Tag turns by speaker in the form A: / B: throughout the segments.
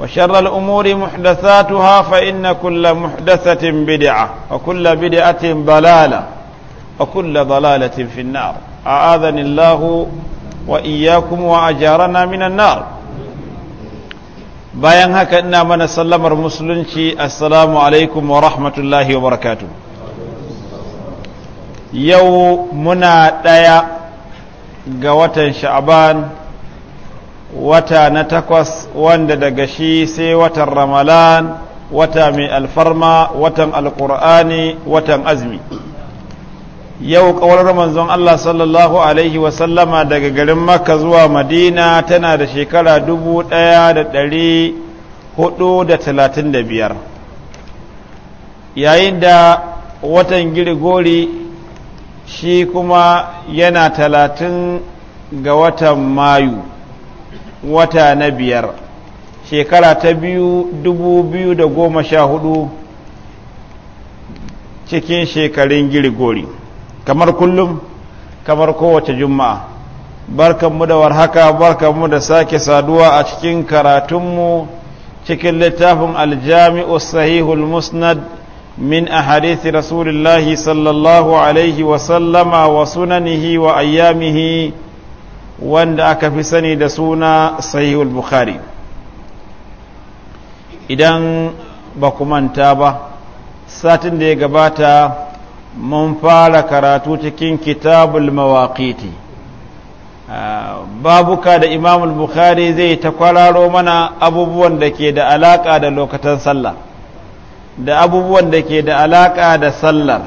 A: وشر الأمور محدثاتها فإن كل محدثة بدعة وكل بدعة ضلالة وكل ضلالة في النار أعاذني الله وإياكم وأجارنا من النار bayan haka ina mana sallamar musulunci assalamu alaikum wa rahmatullahi wa yau muna ɗaya ga watan sha'aban wata na takwas wanda daga shi sai watan ramalan wata mai alfarma watan alkur'ani watan azumi yau kawar manzon Allah sallallahu alaihi wasallama daga garin makka zuwa madina tana da shekara dubu ɗaya da ɗari hudu da talatin da biyar yayin da watan girgori shi kuma yana talatin ga watan mayu wata na biyar shekara ta biyu dubu biyu da goma sha hudu cikin shekarun girigori kamar kullum kamar kowace juma'a barkanmu da warhaka mu da sake saduwa a cikin karatunmu cikin littafin aljami'u sahihul musnad من أحاديث رسول الله صلى الله عليه وسلم وسننه وأيامه wanda aka fi sani da suna sahihul bukhari idan ba ku manta ba satin da ya gabata mun fara karatu cikin kitabul mawaƙiti ah, babuka da imamul bukhari zai ta kwararo mana abubuwan da ke da alaƙa da lokatan sallah da abubuwan da ke da alaƙa da sallar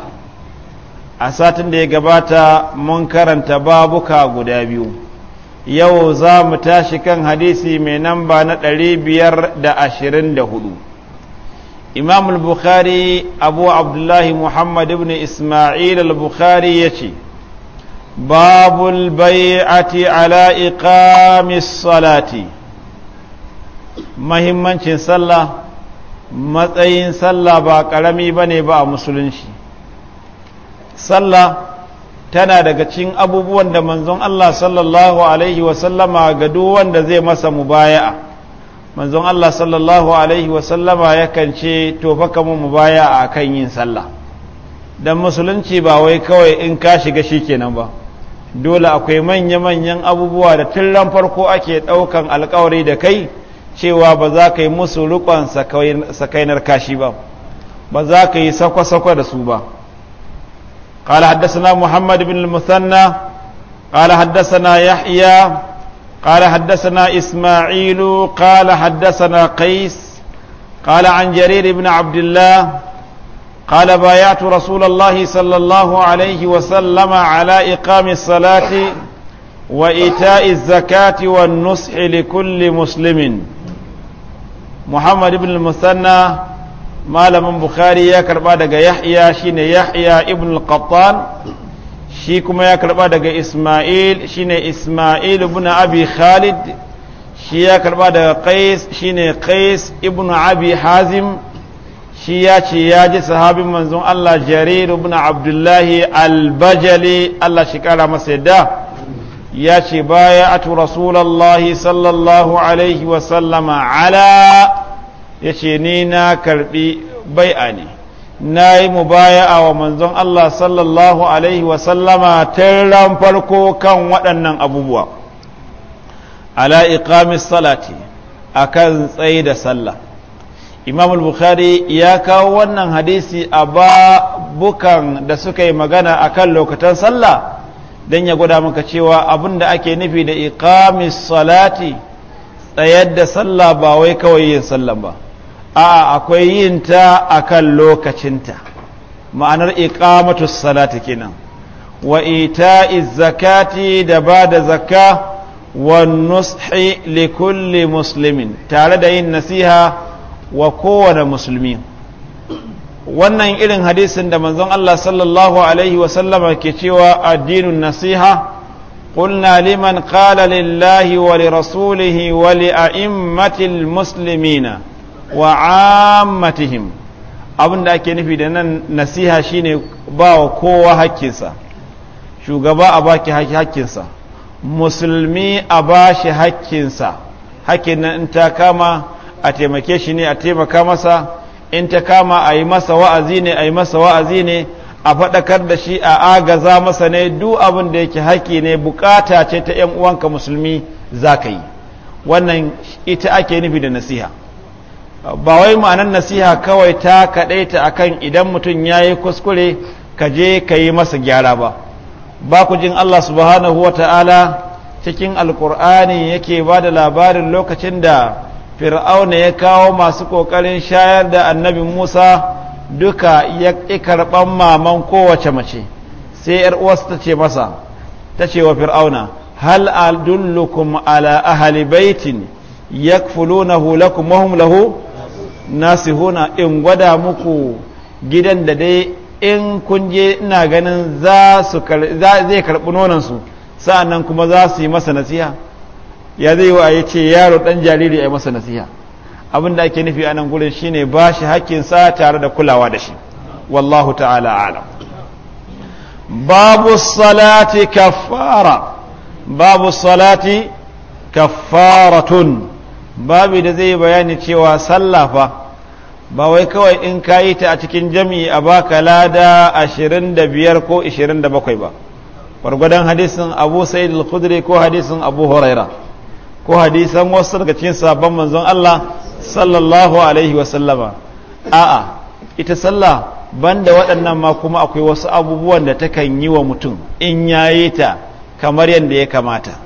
A: a satin da ya gabata mun karanta babuka guda biyu yau za mu tashi kan hadisi mai namba na ɗari biyar da ashirin da hudu imam al-bukhari abu abdullahi muhammad ibn isma'il al-bukhari ya ce babul bai'ati ala iqamis salati mahimmancin sallah matsayin sallah ba ƙarami ba ne ba a musulunci sallah tana daga cikin abubuwan da manzon Allah sallallahu alaihi wasallama ga duk wanda zai masa mubaya'a manzon Allah sallallahu alaihi wasallama yakan ce to fa mu mubaya'a akan yin sallah dan musulunci ba wai kawai in ka shiga shikenan ba dole akwai manya-manyan abubuwa da tun ran farko ake ɗaukan alkawari da kai cewa ba za ka yi musu rukon sakainar kashi ba ba za ka yi sakwa-sakwa da su ba قال حدثنا محمد بن المثنى قال حدثنا يحيى قال حدثنا إسماعيل قال حدثنا قيس قال عن جرير بن عبد الله قال بايعت رسول الله صلى الله عليه وسلم على إقام الصلاة وإيتاء الزكاة والنصح لكل مسلم محمد بن المثنى malamin bukhari ya karba daga yahya shine yahya ibn al-qattan shi kuma ya karba daga isma'il shine isma'il ibn abi khalid shi ya karba daga qais shine qais ibn abi hazim shi ya ce ya ji sahabin manzon Allah jarir ibn abdullahi al-bajali Allah shi kara masa yadda ya ce baya atu rasulallahi sallallahu alaihi wa sallama ala ya ce ni na karbi bai'a ne na yi a wa manzon Allah sallallahu alaihi wasallama ran farko kan waɗannan abubuwa ala iqamis salati akan tsaye da sallah imam al-bukhari ya kawo wannan hadisi a babukan da suka yi magana a kan lokutan sallah don ya gwada maka cewa abin da ake nufi da iqamis salati tsayar da sallah ba wai kawai yin sallah ba A'a akwai yin ta akan lokacinta ma'anar iqamatu salati kenan wa ita'i zakati da ba da zakka wa nushi li kulli muslimin tare da yin nasiha wa kowane musulmi wannan irin hadisin da manzon Allah sallallahu alaihi wa sallama ke cewa addinin nasiha قلنا لمن قال لله ولرسوله ولأئمة المسلمين wa ammatihim abin da ake nufi da nan nasiha shine ba wa kowa hakkinsa shugaba a baki hakkinsa musulmi a ba shi hakkinsa hakkin nan ta kama a taimake shi ne a taimaka masa in ta kama a yi masa wa'azi ne a yi masa wa'azi ne a faɗakar da shi a agaza masa ne duk abin da yake haƙƙi ne bukata ce ta ‘yan uwanka musulmi za ka yi wannan ita ake nufi da nasiha ba wai ma'anar nasiha kawai ta kaɗaita akan idan mutum ya yi kuskure ka je ka yi masa gyara ba ba ku jin Allah subhanahu wa ta'ala cikin alkur'ani yake ba da labarin lokacin da fir'auna ya kawo masu ƙoƙarin shayar da annabi musa duka ya ƙi karɓan maman kowace mace sai ‘yar uwarsa ta ce masa ta ce wa fir'auna hal adullukum ala ahali baitin yakfulunahu lakum wahum lahu nasihuna in gwada muku gidan da dai in kun je ina ganin zai karɓi su sa'annan kuma za su yi masa nasiha ya zai wa ya ce yaro dan jariri a masa nasiha abin da ake nufi a nan gurin shine ba shi hakkinsa tare da kulawa da shi wallahu ta'ala alam babu salati kaffara babu salati kaffaratun babu da zai bayani cewa sallah fa ba wai kawai in ka yi ta a cikin jami'i a baka lada ashirin da biyar ko ashirin da bakwai ba gwargwadon hadisin abu sa'id al-khudri ko hadisin abu huraira ko hadisan wasu daga cikin sabon manzon Allah sallallahu alaihi wasallama a'a ita sallah banda waɗannan ma kuma akwai wasu abubuwan da takan yi wa mutum in yayi ta kamar yadda ya kamata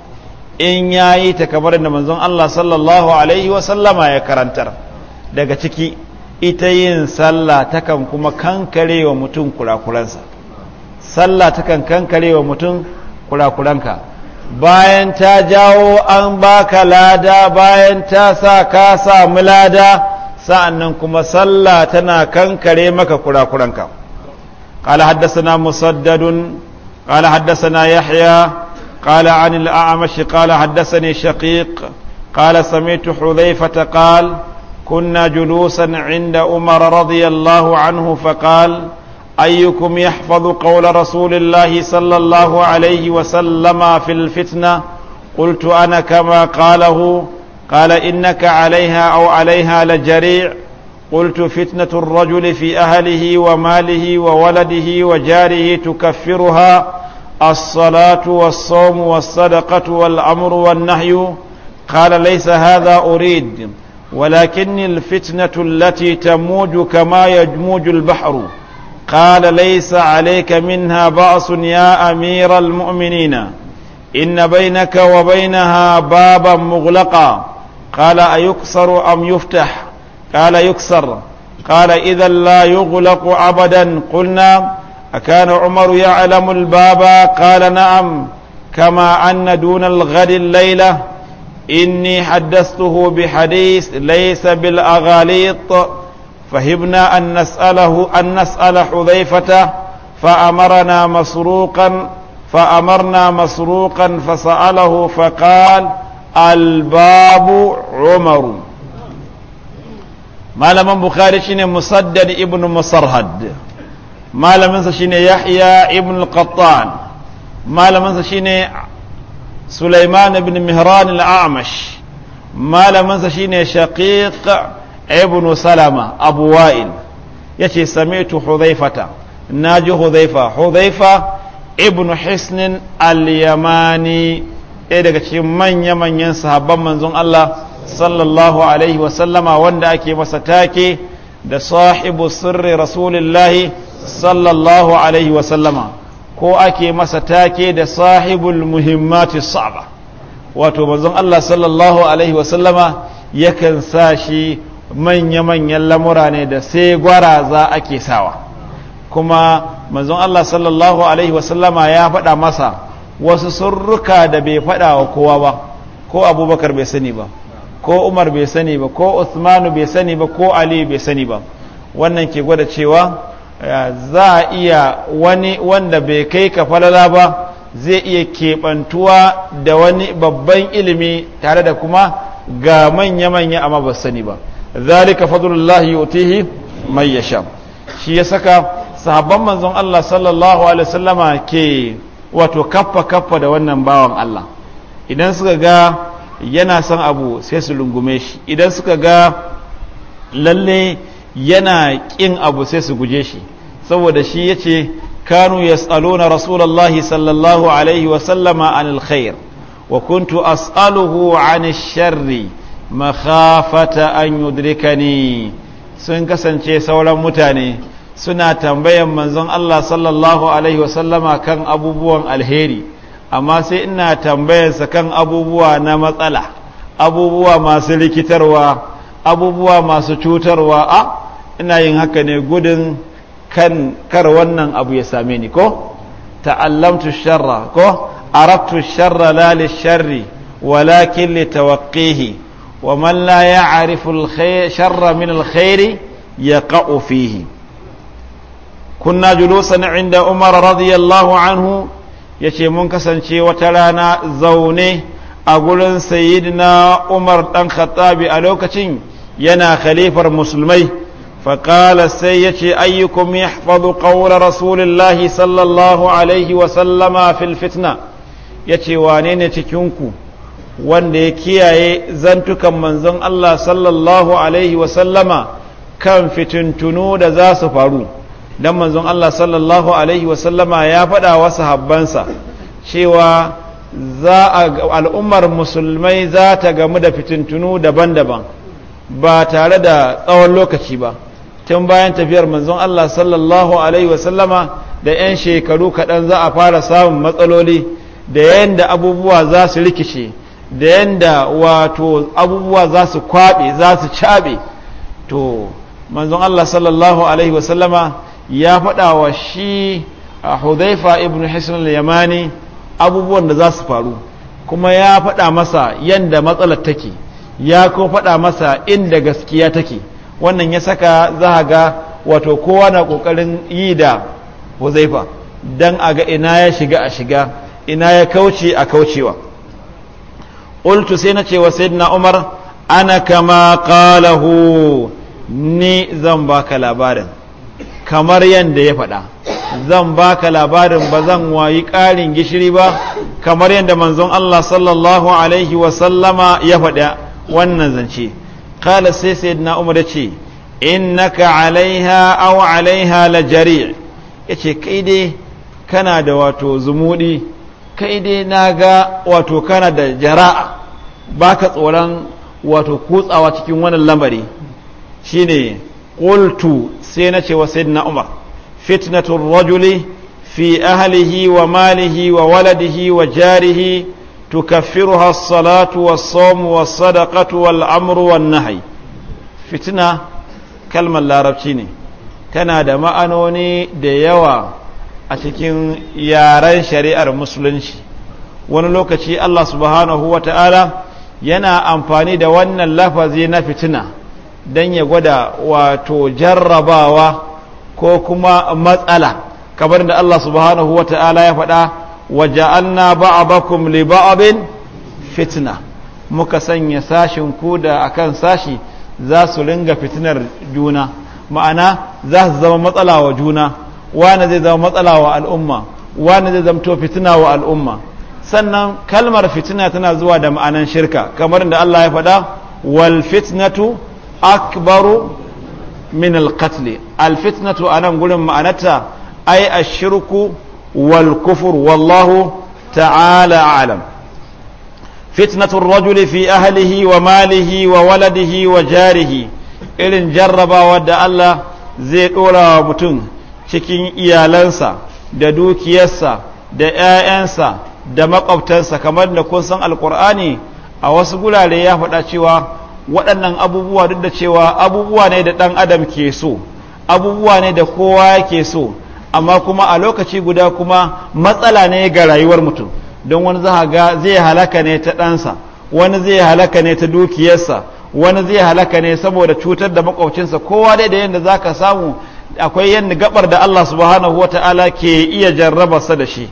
A: in ya yi ta kamar da manzon Allah sallallahu alaihi wasallama ya karantar daga ciki ita yin sallah takan kuma kankare wa mutum kurakuransa sallah takan kankare wa mutum kurakuranka bayan ta jawo an baka lada bayan ta sa ka samu lada sa'annan kuma sallah tana kankare maka kurakuranka قال حدثنا مسدد قال حدثنا يحيى قال عن الأعمش قال حدثني شقيق قال سمعت حذيفة قال كنا جلوسا عند عمر رضي الله عنه فقال أيكم يحفظ قول رسول الله صلى الله عليه وسلم في الفتنة قلت أنا كما قاله قال إنك عليها أو عليها لجريع قلت فتنة الرجل في أهله وماله وولده وجاره تكفرها الصلاة والصوم والصدقة والأمر والنهي قال ليس هذا أريد ولكن الفتنة التي تموج كما يجموج البحر قال ليس عليك منها بأس يا أمير المؤمنين إن بينك وبينها بابا مغلقا قال أيكسر أم يفتح قال يكسر قال إذا لا يغلق أبدا قلنا أكان عمر يعلم الباب قال نعم كما أن دون الغد الليلة إني حدثته بحديث ليس بالأغاليط فهبنا أن نسأله أن نسأل حذيفة فأمرنا مسروقا فأمرنا مسروقا فسأله فقال الباب عمر ما لم بخاري مصدد ابن مصرهد malaminsa shine yahya ibn al malaminsa shine sulaiman ibn mihran al-amash malaminsa shine shaqiq ibn salama abu wa'il yace sami'tu hudhaifata naji hudhaifa hudhaifa ibn hisn al-yamani ɗaya daga cikin manya-manyan sahabban manzon Allah sallallahu alaihi wasallama wanda ake masa take da sahibu sirri rasulillahi sallallahu alaihi wasallama ko ake masa take da sahibul muhimmati sa'ba wato manzon Allah sallallahu alaihi wasallama yakan sa shi manya-manyan lamura ne da sai gwaraza ake sawa kuma manzon Allah sallallahu alaihi wasallama ya faɗa masa wasu surruka da bai faɗa wa kowa ba ko abubakar bai sani ba ko umar bai sani ba ko usmanu bai sani ba ko aliyu bai sani ba wannan ke gwada cewa za a iya wani wanda bai kai ka falala ba zai iya keɓantuwa da wani babban ilimi tare da kuma ga manya-manya amma ba sani ba zalika fadlullahi yutihi mai yasha shi ya saka sahabban manzon Allah sallallahu alaihi wasallama ke wato kaffa kaffa da wannan bawan Allah idan suka ga yana son abu sai su lungume shi idan suka ga lalle yana ƙin abu sai su guje shi saboda shi ya ce kanu ya tsalona rasulallahi sallallahu alaihi wasallama an alkhair wa kuntu as'aluhu an sharri makhafata an yudrikani sun kasance sauran mutane suna tambayan manzon Allah sallallahu alaihi wasallama kan abubuwan alheri amma sai ina tambayarsa kan abubuwa na matsala abubuwa masu likitarwa abubuwa masu cutarwa a ina yin haka ne gudun kan kar wannan abu ya same ni ko ta'allamtu sharra ko arabtu sharra la li sharri walakin li tawaqqihi wa man la ya'rifu al sharra min al khairi yaqa'u fihi kunna julusan inda umar radiyallahu anhu yace mun kasance wata rana zaune a gurin sayyidina umar dan khattabi a lokacin yana khalifar musulmai فقال سيتي أيكم يحفظ قول رسول الله صلى الله عليه وسلم في الفتنة يتي وانين تكينكو wanda ya kiyaye zantukan manzon Allah sallallahu Alaihi wasallama kan fitintunu da zasu faru don manzon Allah sallallahu Alaihi wasallama ya faɗa wa sahabbansa cewa al'ummar musulmai za ta gamu da fitintunu daban-daban ba tare da tsawon lokaci ba tun bayan tafiyar manzon Allah sallallahu alaihi wasallama da 'yan shekaru kaɗan za a fara samun matsaloli da yadda abubuwa za su rikice da yadda wato abubuwa za su kwaɓe za su caɓe to manzon Allah sallallahu alaihi wasallama ya faɗa wa shi a hudhaifa ibn hisan yamani abubuwan da za su faru kuma ya faɗa masa yadda matsalar take ya kuma faɗa masa inda gaskiya take wannan ya saka za ga wato kowa na kokarin yi da huzaifa don a ga ina ya shiga a shiga ina ya kauce a kaucewa ultu sai na ce wa sai umar ana kama ƙalahu ni zan baka labarin kamar yadda ya faɗa zan baka labarin ba zan wayi ƙarin gishiri ba kamar yadda manzon Allah sallallahu alaihi wasallama ya faɗa wannan zance qala sai sayyidina umar ya ce innaka alaiha aw alaiha la jari' yace kai dai kana da wato zumudi kai dai naga wato kana da jara'a baka tsoron wato kutsawa cikin wannan lamari shine qultu sai na ce wa sayyidina umar fitnatul rajuli fi ahlihi wa malihi wa waladihi wa jarihi tukaffiruha as-salatu was-sawmu was wal-amru wan-nahy kalmar larabci ne tana da ma'anoni da yawa a cikin yaren shari'ar musulunci wani lokaci Allah subhanahu wa ta'ala yana amfani da wannan lafazi na fitina don ya gwada wato jarrabawa ko kuma matsala kamar da Allah subhanahu wa ta'ala ya faɗa waja'alna ba'abakum li ba'abin fitna muka sanya sashin ku da akan sashi za su ringa fitinar juna ma'ana za su zama matsala wa juna wani zai zama matsala wa al'umma wani zai zamto fitina wa al'umma sannan kalmar fitina tana zuwa da ma'anan shirka kamar da Allah ya faɗa wal fitnatu akbaru min al-qatl al fitnatu anan gurin ma'anarta ai ashirku. والكفر والله تعالى أعلم فتنة الرجل في أهله وماله jarihi irin إلن جرب allah zai ɗora wa mutum cikin iyalansa da dukiyarsa da 'ya'yansa da maƙwabtansa kamar da kun san alkur'ani a wasu gurare ya faɗa cewa waɗannan abubuwa duk da cewa abubuwa ne da ɗan adam ke so abubuwa ne da kowa yake so amma kuma a lokaci guda kuma matsala ne ga rayuwar mutum don wani za ga zai halaka ne ta ɗansa wani zai halaka ne ta dukiyarsa wani zai halaka ne saboda cutar da makwabcinsa kowa dai da yadda za ka samu akwai yadda gabar da Allah subhanahu wata'ala ke iya jarrabarsa da shi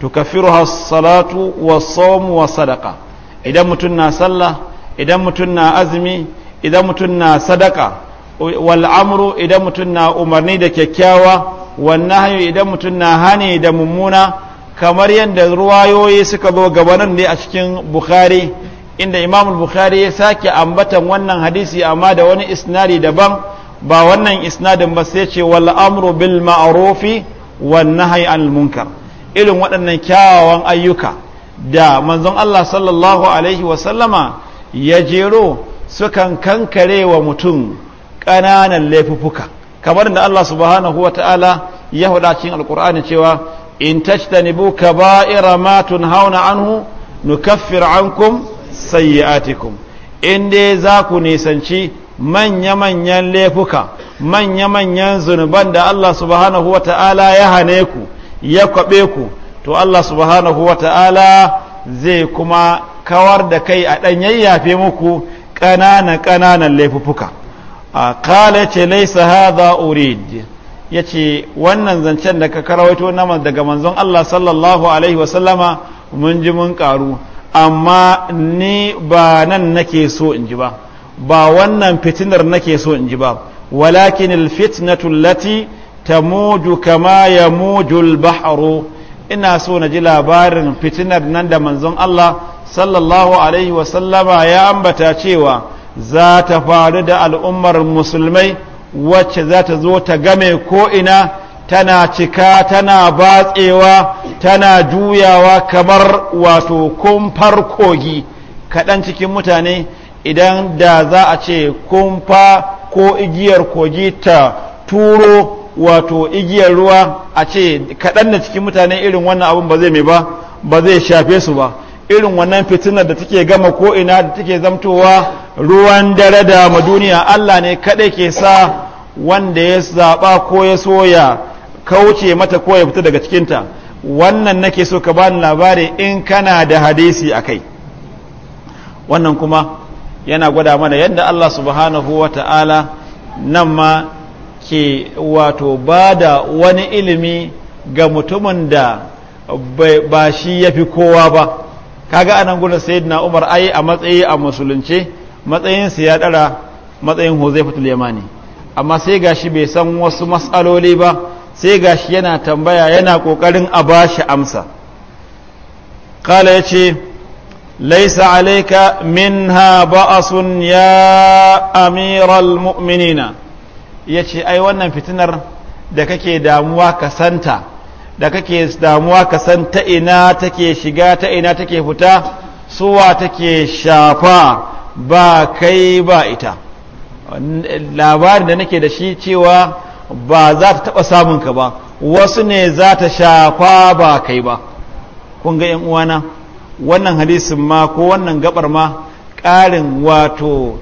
A: tukaffiruha salatu wa sawm wa sadaka idan mutum na sallah idan mutum na azumi idan mutum na sadaka wal amru idan mutum na umarni da kyakkyawa wannan hanyoyi idan mutum na hane da mummuna kamar yadda ruwayoyi suka zo gabanin ne a cikin bukhari inda imamul bukhari ya sake ambatan wannan hadisi amma da wani isnadi daban ba wannan isnadin ba sai ce wal amru bil ma'rufi wan nahyi anil munkar irin waɗannan kyawawan ayyuka da manzon Allah sallallahu alaihi wa sallama ya jero sukan kankare wa mutum ƙananan laifuffuka kamar da Allah subhanahu wa ta'ala ya huda cikin alkur'ani cewa in tajtanibu kaba'ira ma hauna anhu nukaffir ankum sayyi'atikum in dai za ku nisanci manya-manyan laifuka manya-manyan zunuban da Allah subhanahu wa ta'ala ya hane ku ya kwaɓe ku to Allah subhanahu wa ta'ala zai kuma kawar da kai a ɗan yayyafe muku ƙananan ƙananan laifufuka. kala ce laisa hadha urid yace wannan zancen da ka karawaito namar daga manzon Allah sallallahu alaihi wa sallama mun ji mun karu amma ni ba nan nake so in ji ba ba wannan fitinar nake so in ji ba walakin alfitnatu allati tamuju kama yamuju albahru ina so na ji labarin fitinar nan da manzon Allah sallallahu alaihi wa sallama ya ambata cewa za ta faru da al'ummar musulmai wacce za ta zo ta game ko'ina tana cika tana batsewa tana juyawa kamar wato kumfar kogi kaɗan cikin mutane idan da za a ce kumfa ko igiyar kogi ta turo wato igiyar ruwa a ce kaɗan da cikin mutane irin wannan abin ba zai mai ba ba zai shafe su ba irin wannan fitinar da take gama ko'ina ina da take zamtowa ruwan dare da ma duniya Allah ne kaɗai ke sa wanda ya zaɓa ko ya soya kauce mata ko ya fita daga cikinta wannan nake so ka bani labari in kana da hadisi a kai wannan kuma yana gwada mana yadda Allah subhanahu wa ta'ala nan ma ke wato bada wani ilimi ga mutumin da ba shi ya fi kowa ba kaga anan gurin na umar ai a matsayi a musulunce matsayin ya dara matsayin huzaifatul yamani amma sai gashi bai san wasu matsaloli ba sai gashi yana tambaya yana kokarin a bashi amsa kala ce laisa alayka minha ba'asun ya amiral mu'minina ce ai wannan fitinar da kake damuwa ka santa da kake damuwa ka san ta ina take shiga ta ina take fita suwa take shafa ba kai ba ita labarin da nake da shi cewa ba za ta taɓa samunka ba wasu ne za ta shafa ba kai ba kun ga uwana wannan hadisin ma ko wannan gabar ma ƙarin wato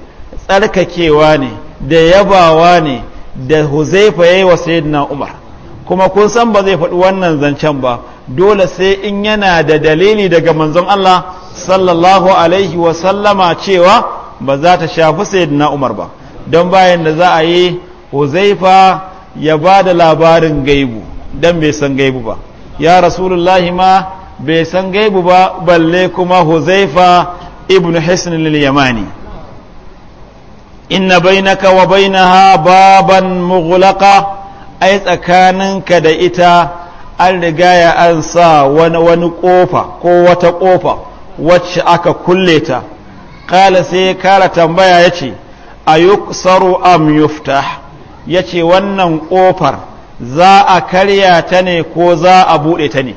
A: tsarkakewa ne da yabawa ne da huzaifa ya yi wa umar kuma kun san ba zai faɗi wannan zancen ba dole sai in yana da dalili daga manzon Allah sallallahu alaihi wa sallama cewa ba za ta shafi sayyidina Umar ba don bayan da za a yi Huzaifa ya ba da labarin gaibu don bai san gaibu ba ya rasulullahi ma bai san gaibu ba balle kuma Huzaifa ibn Hisn al-Yamani inna bainaka wa bainaha baban mughlaqa ai tsakaninka da ita an rigaya an sa wani wani kofa ko wata kofa wacce aka kulle ta kala sai kara tambaya ya ce a yuksaru am yuftah ya ce wannan kofar za a karya ta ne ko za a buɗe ta ne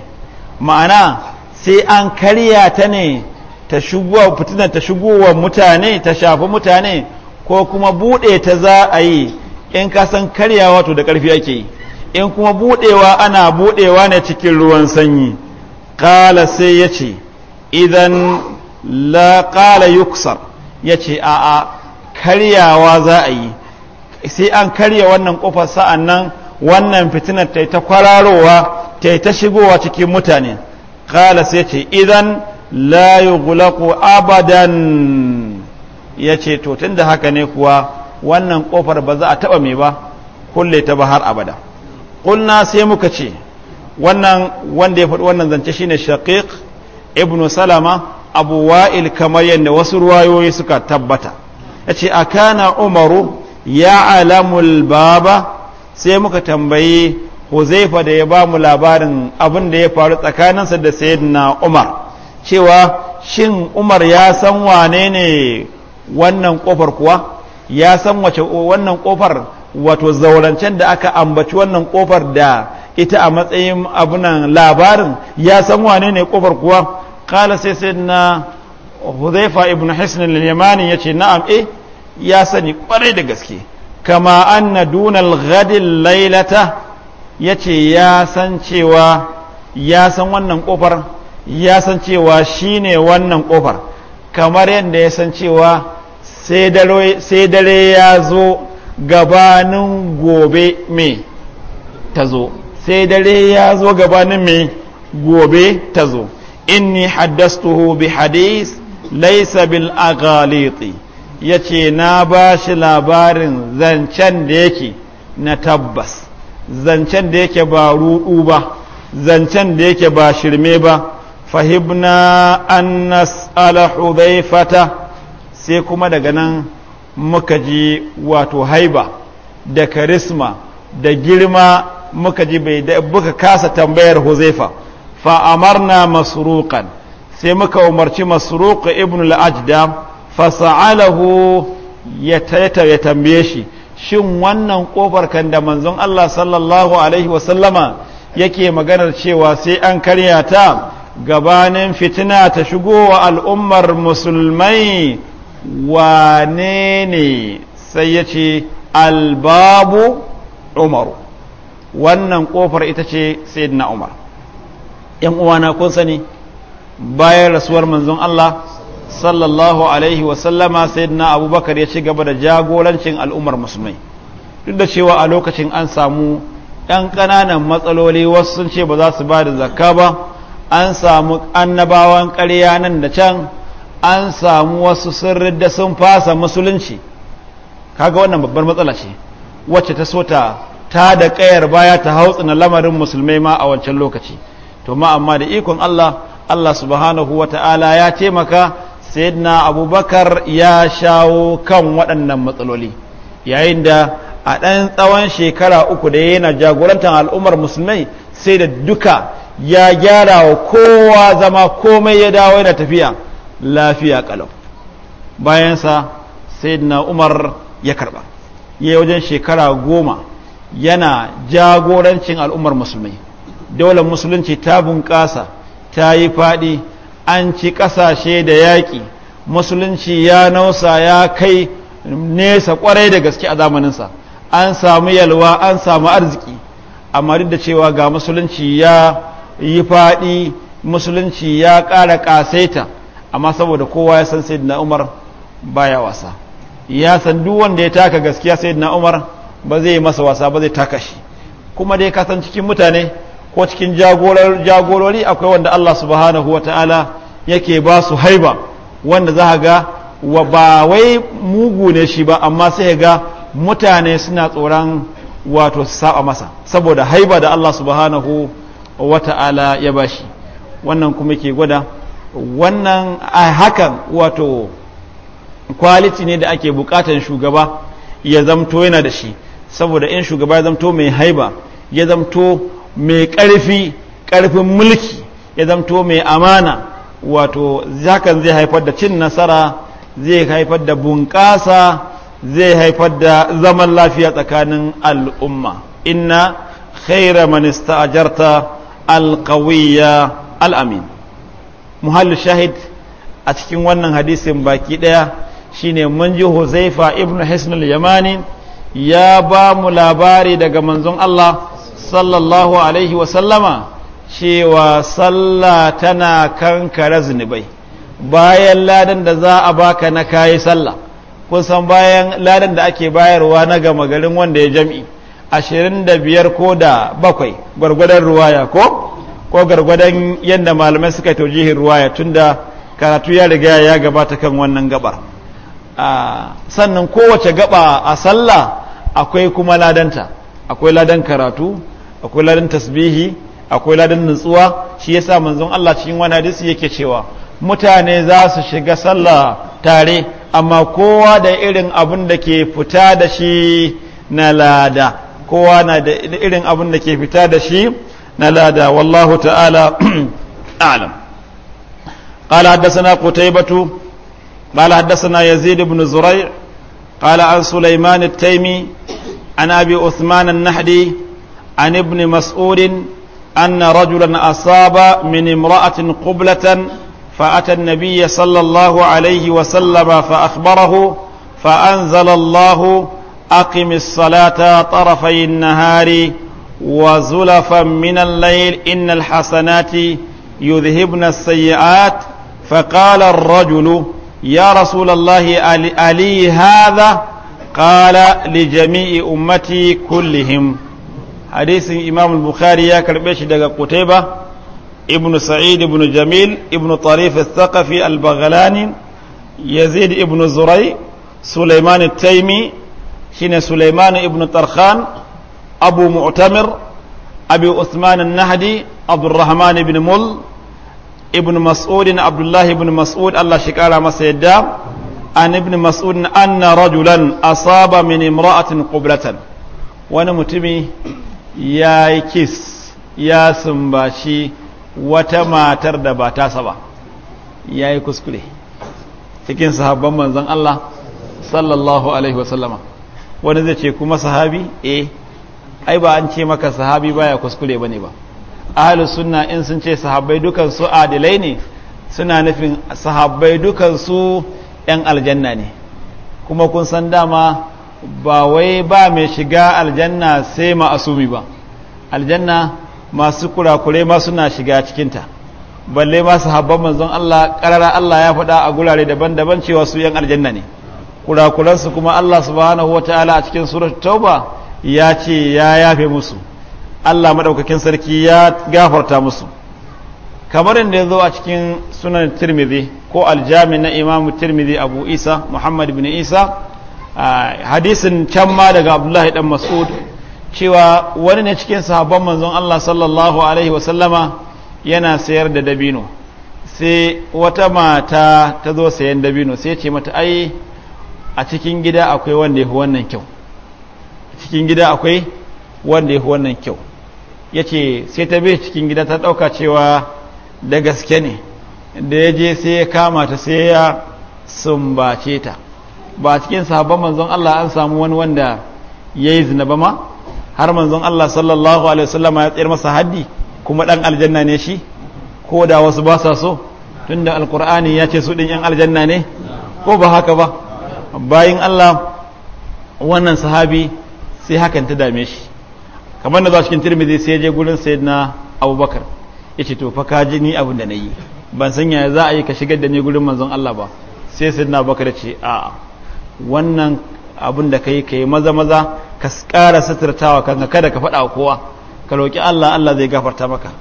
A: ma'ana sai an karya ta ne ta shigowa fitinar ta shigowa mutane ta shafi mutane ko kuma buɗe ta za a yi in kasan karyawa to da ƙarfi ake yi in kuma buɗewa ana buɗewa ne cikin ruwan sanyi ƙala sai ya ce idan la ƙala yuksar ya ce a'a karyawa za a yi sai an karya wannan ƙofar sa'an nan wannan fitinar ta yi ta kwararowa ta yi ta shigowa cikin mutane ƙala sai ce idan la abadan ya ce to tun da haka ne kuwa wannan kofar ba za a taba mai ba kulle ta ba har abada kulna sai muka ce wannan wanda ya faɗi wannan zance shine shaqiq ibn salama abu wa'il kamar yadda wasu ruwayoyi suka tabbata Ya yace akana umaru ya alamul baba sai muka tambayi huzaifa da ya ba mu labarin abin da ya faru tsakaninsa da sayyidina umar cewa shin umar ya san wane ne wannan kofar kuwa ya san wace wannan kofar wato zaurancen da aka ambaci wannan kofar da ita a matsayin abunan labarin ya san wane ne kofar kuwa kala sai sai na huzaifa ibn hisn Limani ya ce, na'am eh ya sani kwarai da gaske kama anna dunal gadin lailata yace ya san cewa ya san wannan kofar ya san cewa shine wannan kofar kamar yadda ya san cewa sai dare ya zo gabanin gobe me ta zo sai dare ya zo gabanin me gobe ta zo inni haddastuhu bi hadis laisa bil aghaliti yace na ba shi labarin zancen da yake na tabbas zancen da yake ba ruɗu ba zancen da yake ba shirme ba fahimna an nas'ala hudhaifata sai kuma daga nan muka ji wato haiba da karisma da girma muka ji bai da buka kasa tambayar huzaifa fa amarna masruqan sai muka umarci masruq ibn al-ajda fa ya tambaye shi shin wannan kofar kan da manzon Allah sallallahu alaihi wa sallama yake maganar cewa sai an karya ta gabanin fitina ta shigowa al'ummar musulmai wane ne sai ya ce albabu umaru wannan kofar ita ce sayyidina umar yan uwana kun sani bayan rasuwar manzon Allah sallallahu alaihi wasallama sayyidina abubakar ya ci gaba da jagorancin al'ummar musulmai duk da cewa a lokacin an samu yan ƙananan matsaloli wasu sun ce ba za su ba da zakka ba an samu annabawan ƙarya nan da can an samu wasu sirrin da sun fasa musulunci kaga wannan babbar matsala ce wacce ta so ta ta da kayar baya ta hautsina lamarin musulmai ma a wancan lokaci to ma amma da ikon Allah Allah subhanahu wa ta'ala ya taimaka sayyidina abubakar ya shawo kan waɗannan matsaloli yayin da a ɗan tsawon shekara uku da yana jagorantar al'ummar musulmai sai da duka ya gyara wa kowa zama komai ya dawo yana tafiya lafiya kalau bayansa sayyidina umar ya karba ya wajen shekara goma yana jagorancin al'ummar musulmi daular musulunci ta bunƙasa ta yi faɗi an ci ƙasashe da yaƙi musulunci ya nausa ya kai nesa ƙwarai da gaske a zamaninsa an samu yalwa an samu arziki amma duk da cewa ga musulunci ya yi faɗi musulunci ya ƙara ƙasaita amma saboda kowa ya san sayyidina umar baya wasa ya san duk wanda ya taka gaskiya sayyidina umar ba zai masa wasa ba zai taka shi kuma dai ka san cikin mutane ko cikin jagorori akwai wanda Allah subhanahu wa yake ba su haiba wanda za ga wa ba wai mugu ne shi ba amma sai ga mutane suna tsoron wato saba masa saboda haiba da Allah subhanahu wata'ala ya bashi wannan kuma ke gwada wannan a hakan wato kwaliti ne da ake bukatan shugaba ya zamto yana da shi saboda in shugaba ya zamto mai haiba ya zamto mai karfi karfin mulki ya zamto mai amana wato hakan zai haifar da cin nasara zai haifar da bunƙasa zai haifar da zaman lafiya tsakanin al'umma inna khaira man jarta alkawiyya al'amin muhallu shahid a cikin wannan hadisin baki ɗaya shine mun ji huzaifa ibn hisnul yamani ya ba mu labari daga manzon Allah sallallahu alaihi wasallama cewa sallah tana kankara zunubai bayan ladan da za a baka na kayi sallah kun san bayan ladan da ake bayarwa na gama garin wanda ya jam'i ashirin da biyar ko da bakwai gwargwadon ruwaya ko ko gargwadon yadda malamai suka yi taujihin ruwaya tunda karatu ya riga ya gabata kan wannan gaba sannan kowace gaba a sallah akwai kuma ladanta akwai ladan karatu akwai ladan tasbihi akwai ladan nutsuwa shi yasa manzon Allah cikin wani hadisi yake cewa mutane za su shiga sallah tare amma kowa da irin abin da ke fita da shi na lada kowa na da irin abin da ke fita da shi na lada wallahu ta'ala a'lam قال حدثنا قتيبة قال حدثنا يزيد بن زريع قال عن سليمان التيمي عن أبي عثمان النحدي عن ابن مسعود أن رجلا أصاب من امرأة قبلة فأتى النبي صلى الله عليه وسلم فأخبره فأنزل الله أقم الصلاة طرفي النهار وزلفا من الليل إن الحسنات يذهبن السيئات فقال الرجل يا رسول الله ألي هذا قال لجميع أمتي كلهم حديث إمام البخاري يا كربيش دقا قتيبة ابن سعيد بن جميل ابن طريف الثقفي البغلاني يزيد ابن زري سليمان التيمي شين سليمان ابن طرخان أبو معتمر أبي عثمان النهدي عبد الرحمن بن مل ابن مسعود عبد الله بن مسعود الله شكالا مسيدا عن ابن مسعود أن رجلا أصاب من امرأة قبلة wani mutumi ya yi kis ya sumbaci wata matar da ba tasa ba ya yi kuskure cikin sahabban manzan Allah sallallahu Alaihi wasallama wani zai ce kuma sahabi eh ai ba an ce maka sahabi baya kuskure bane ba ahlu sunna in sun ce sahabbai dukan su adilai ne suna nufin sahabbai dukan su yan aljanna ne kuma kun san dama ba wai ba mai shiga aljanna sai ma'asumi ba aljanna masu kurakure ma suna shiga cikinta balle ma sahabban manzon Allah karara Allah ya faɗa a gurare daban-daban cewa su yan aljanna ne kurakuransu kuma Allah subhanahu wataala a cikin suratul tauba ya ce ya yafe musu Allah maɗaukakin sarki ya gafarta musu kamar inda ya zo a cikin sunan tirmidhi ko aljami na imamu tirmidhi abu isa muhammad bin isa hadisin can ma daga abdullahi dan mas'ud cewa wani ne cikin sahabban manzon Allah sallallahu alaihi wa sallama yana sayar da dabino sai wata mata ta zo sayan dabino sai ce mata ai a cikin gida akwai wanda ya fi wannan kyau cikin gida akwai wanda ya fi wannan kyau ya ce sai ta bai cikin gida ta ɗauka cewa da gaske ne da ya je sai ya kama ta sai ya sumbace ta ba cikin sahabban manzon Allah an samu wani wanda ya yi zina ba ma har manzon Allah sallallahu alaihi wasallama ya tsayar masa haddi kuma ɗan aljanna ne shi ko da wasu ba sa so tunda alkur'ani ya ce su ɗin yan aljanna ne ko ba haka ba bayan Allah wannan sahabi sai hakan ta dame shi kamar na za cikin tirmidhi sai je gurin sayyidina abubakar yace to fa ka ji ni abin da nayi ban san yaya za a yi ka shigar da ni gurin manzon Allah ba sai sayyidina abubakar ce a wannan abin da kai kai maza maza ka ƙara suturtawa kanka kada ka faɗa kowa ka roki Allah Allah zai gafarta maka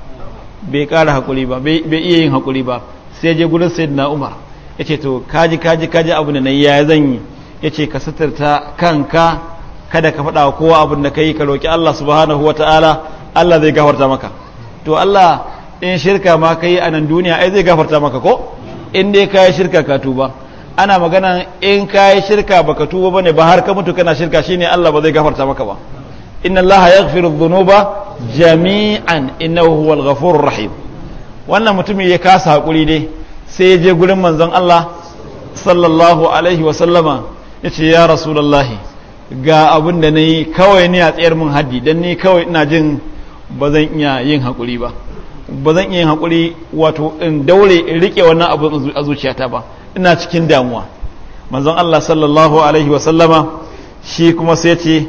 A: bai ƙara hakuri ba bai iya yin hakuri ba sai je gurin sayyidina Umar yace to kaji kaji kaji abin da nayi yaya zan yi yace ka suturta kanka kada ka faɗa kowa abin da kai ka roki Allah subhanahu wataala Allah zai gafarta maka to Allah in shirka ma ka yi a nan duniya ai zai gafarta maka ko in dai ka yi shirka ka tuba ana magana in ka yi shirka ba ka tuba ba ne ba har ka mutu kana shirka shi ne Allah ba zai gafarta maka ba inna Allah ya gafiru jami'an innahu huwal ghafurur rahim wannan mutumin ya kasa hakuri ne sai ya je gurin manzon Allah sallallahu alaihi wa sallama yace ya rasulullahi ga abin da na yi kawai ni a tsayar mun haddi don ni kawai ina jin ba zan iya yin haƙuri ba ba zan iya yin haƙuri wato in daure in riƙe wannan abin a zuciyata ba ina cikin damuwa manzon Allah sallallahu alaihi wa sallama shi kuma sai ce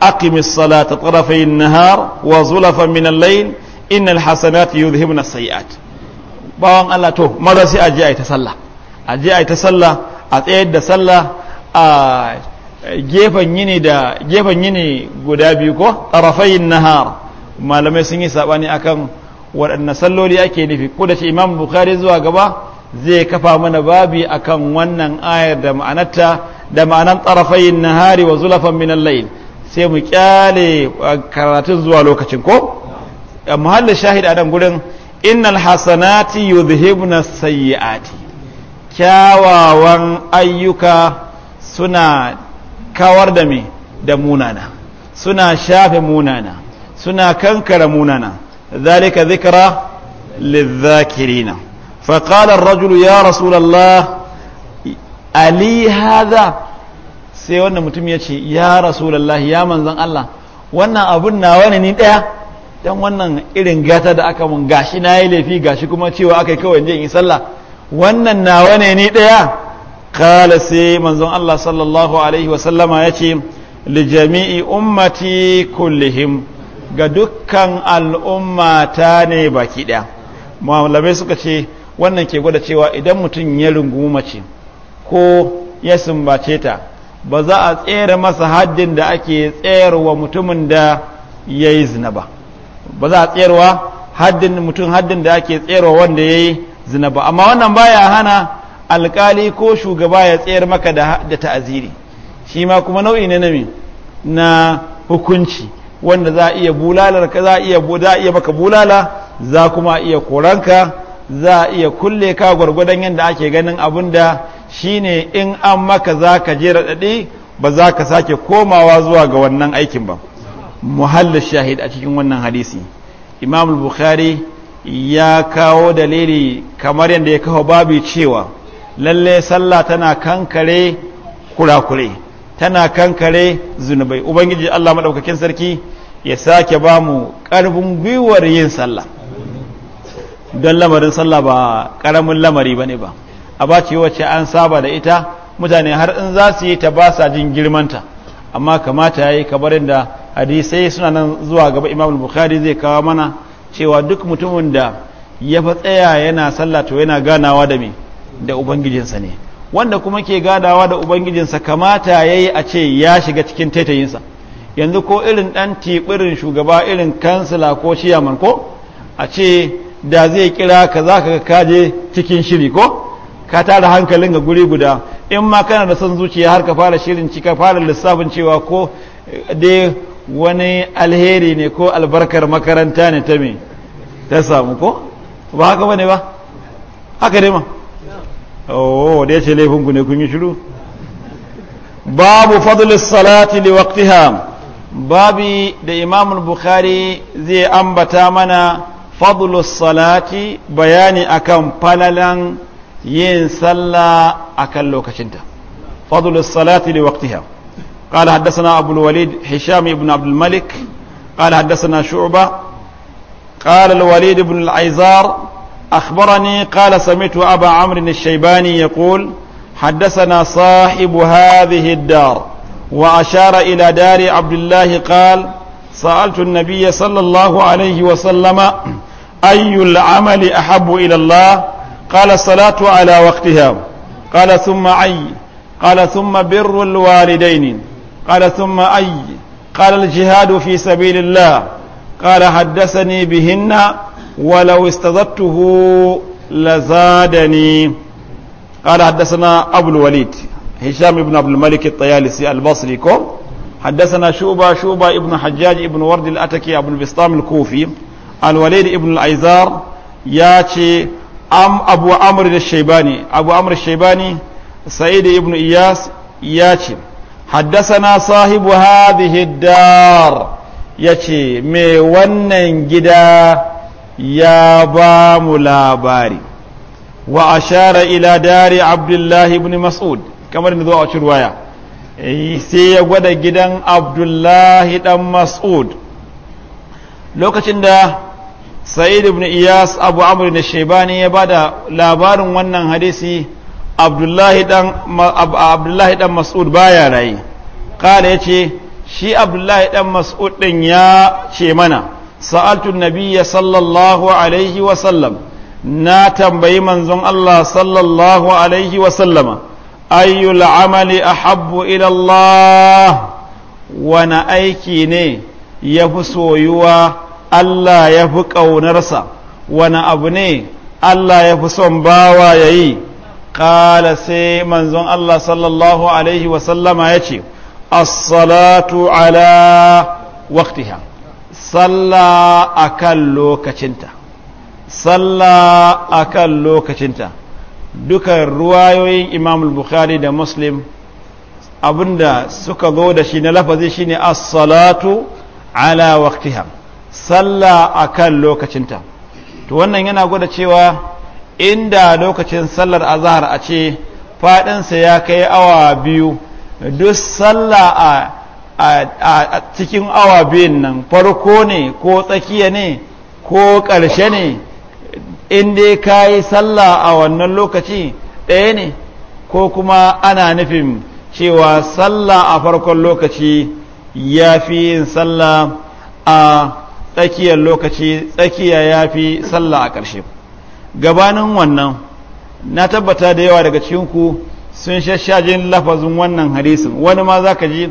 A: aqimis salata na nahar wa zulafa min al-layl innal hasanati yudhhibna sayiat bawan Allah to marasi sai aje ai ta sallah aje ai ta sallah a tsayar da sallah a gefen yini da gefen yini guda biyu ko tarafayin nahar malamai sun yi sabani akan waɗanne salloli ake nufi ko da shi imam bukhari zuwa gaba zai kafa mana babi akan wannan ayar da ma'anarta da ma'anar tarafayin nahari wa zulafan min al-layl sai mu kyale karatun zuwa lokacin ko muhallin shahid adam gurin innal hasanati yudhibna sayyiati kyawawan ayyuka suna kawar da me da munana suna shafe munana suna kankara munana zalika zikra lizakirina فقال rajulu Rajulu ya الله Ali sai wannan mutum ya ce ya rasulallah ya manzan Allah wannan abun na wani ni ɗaya dan wannan irin gata da aka mun gashi na yi laifi gashi kuma cewa aka yi kawai je in sallah wannan na wani ni ɗaya kala sai manzon Allah sallallahu alaihi sallama yace ce lijami'i ummati kullihim ga dukkan al'ummata ne baki ɗaya malamai suka ce wannan ke gwada cewa idan mutum ya rungumi mace ko ya sumbace ta ba za a tsere masa haddin da ake tserwa mutumin da zina ba ba za a haddin haddin da ake tsayarwa wanda ya yi zina ba amma wannan baya hana Alƙali ko shugaba ya tsayar maka da ta'aziri shi ma kuma nau'i ne na na hukunci wanda za a iya bulalar ka za iya maka bulala za kuma iya koranka za a iya kulle ka gwargwadon yadda ake ganin abin da shine in an maka za ka je raɗaɗe ba za ka sake komawa zuwa ga wannan aikin ba Muhalli shahid a cikin wannan hadisi imam bukhari ya kawo dalili kamar yadda ya kawo babu cewa lalle sallah tana kankare kurakure tana kankare zunubai ubangiji Allah madaukakin sarki ya sake ba mu ƙarfin gwiwar yin sallah don lamarin sallah ba karamin lamari bane ba a ce wacce an saba da ita mutane har in za su yi ta ba sa jin girmanta amma kamata yayi kabarin da hadisai suna nan zuwa gaba Imam Bukhari zai kawo mana cewa duk mutumin da ya fa tsaya yana sallah to yana ganawa da me da ubangijinsa ne wanda kuma ke gadawa da ubangijinsa kamata ya yi a ce ya shiga cikin taitayinsa yanzu ko irin ɗan tiɓirin shugaba irin kansila ko ciyaman ko a ce da zai kira ka za ka kaje cikin shiri ko ka tara hankalin ga guri guda in ma kana da son zuciya har ka fara shirin cika fara lissafin cewa ko eh, dai wani alheri ne ko albarkar makaranta ne ta me ta samu ko ba haka bane ba haka dai ma oh da yace laifin ku ne kun yi shiru babu fadlis salati li waqtiha babi da imam bukhari zai ambata mana Fadlis salati bayani akan falalan yin sallah akan lokacinta Fadlis salati li waqtiha قال حدثنا أبو الوليد هشام بن عبد الملك قال حدثنا شعبة قال الوليد بن العيزار أخبرني قال سمعت أبا عمرو الشيباني يقول حدثنا صاحب هذه الدار وأشار إلى دار عبد الله قال سألت النبي صلى الله عليه وسلم أي العمل أحب إلى الله قال الصلاة على وقتها قال ثم أي قال ثم بر الوالدين قال ثم أي قال الجهاد في سبيل الله قال حدثني بهن ولو استزدته لزادني قال حدثنا أبو الوليد هشام بن عبد الملك الطيالسي البصري كو حدثنا شوبة شوبة ابن حجاج ابن ورد الأتكي ابن بسطام الكوفي الوليد ابن الأيزار ياتي أم أبو أمر الشيباني أبو أمر الشيباني سعيد ابن إياس ياتي حدثنا صاحب هذه الدار ياتي مي ونن جدا ya ba mu labari wa ashara ila dari abdullahi ibn mas'ud kamar da zo a waya sai ya gwada gidan abdullahi dan mas'ud lokacin da sa'id ibn iyas abu amr da shebani ya bada labarin wannan hadisi abdullahi dan abdullahi dan mas'ud baya rayi kala yace shi abdullahi dan mas'ud din ya ce mana sa'altu nabiyya sallallahu alaihi wasallam na tambayi manzon Allah sallallahu alaihi wasallama ayyul amali ahabbu ila Allah wani aiki ne ya fi soyuwa Allah ya fi ƙaunarsa wani abu ne Allah ya fi son bawa ya yi ƙala sai manzon Allah sallallahu Alaihi wasallama ya ce, ala waktiha sallah akan lokacinta sallah akan lokacinta duka ruwayoyin imamul bukhari da muslim abinda suka zo da shi na lafazi shine as-salatu ala waqtiha sallah akan lokacinta to wannan yana gwada cewa inda lokacin sallar azhar a ce fadinsa ya kai awa biyu duk sallah a a cikin awa biyun nan farko ne ko tsakiya ne ko ƙarshe ne inda dai ka yi sallah a wannan lokaci ɗaya ne ko kuma ana nufin cewa sallah a farkon lokaci ya fi yin sallah a tsakiyar lokaci tsakiya ya fi sallah a ƙarshe gabanin wannan na tabbata da yawa daga cikinku sun shashajin lafazin wannan hadisin wani ma za ka ji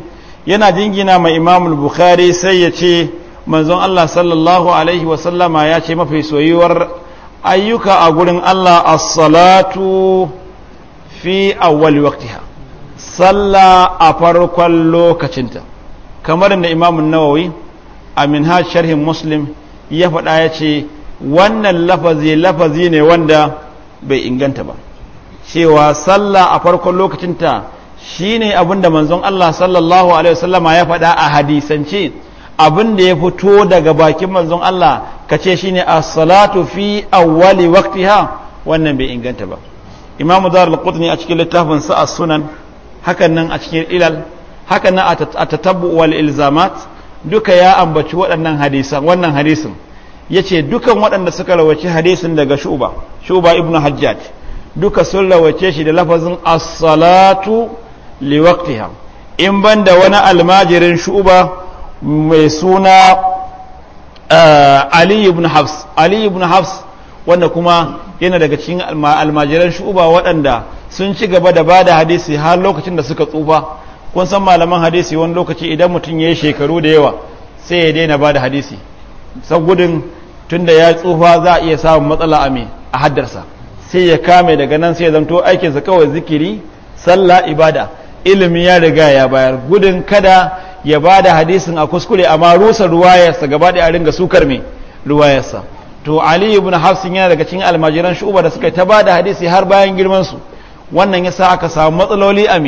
A: yana jingina mai imamul bukhari sai ya ce manzon Allah sallallahu alaihi wasallama ya ce mafi soyuwar ayyuka a gurin Allah a salatu fi awwal waqtiha sallah a farkon lokacinta kamar da imamun nawawi a minhaj sharhin muslim ya faɗa ya ce wannan lafazi lafazi ne wanda bai inganta ba cewa sallah a farkon lokacinta Shi ne abin da manzon Allah sallallahu alaihi wasallama ya faɗa a hadisance abin da ya fito daga bakin manzon Allah ka ce shi ne as-salatu fi awwali waqtiha wannan bai inganta ba imamu zahar al-qutni a cikin littafin sa sunan hakan nan a cikin ilal hakan nan a tatabbu wal ilzamat duka ya ambaci waɗannan hadisan wannan hadisin yace dukan waɗanda suka rawaci hadisin daga shuba shuba ibnu hajjaj duka sun rawace shi da lafazin as-salatu liwaktiha in ban da wani almajirin shuba mai suna eh, ali ibn hafs ali ibn hafs wanda kuma yana daga cikin almajiran shuba waɗanda sun ci gaba da ba da hadisi har lokacin da suka tsufa kun san malaman hadisi wani lokaci idan mutum ya yi shekaru da yawa sai ya daina ba da hadisi gudun tun da ya tsufa za a iya samun matsala a a haddarsa sai ya kame daga nan sai ya zanto aikinsa kawai zikiri sallah ibada ilimi ya riga ya bayar gudun kada ya ba da hadisin a kuskure amma rusa ruwayarsa gaba da a ringa sukar mai ruwayarsa to ali ibn hafsin yana daga cikin almajiran shuba da suka ta ba da hadisi har bayan girmansu wannan ya sa aka samu matsaloli a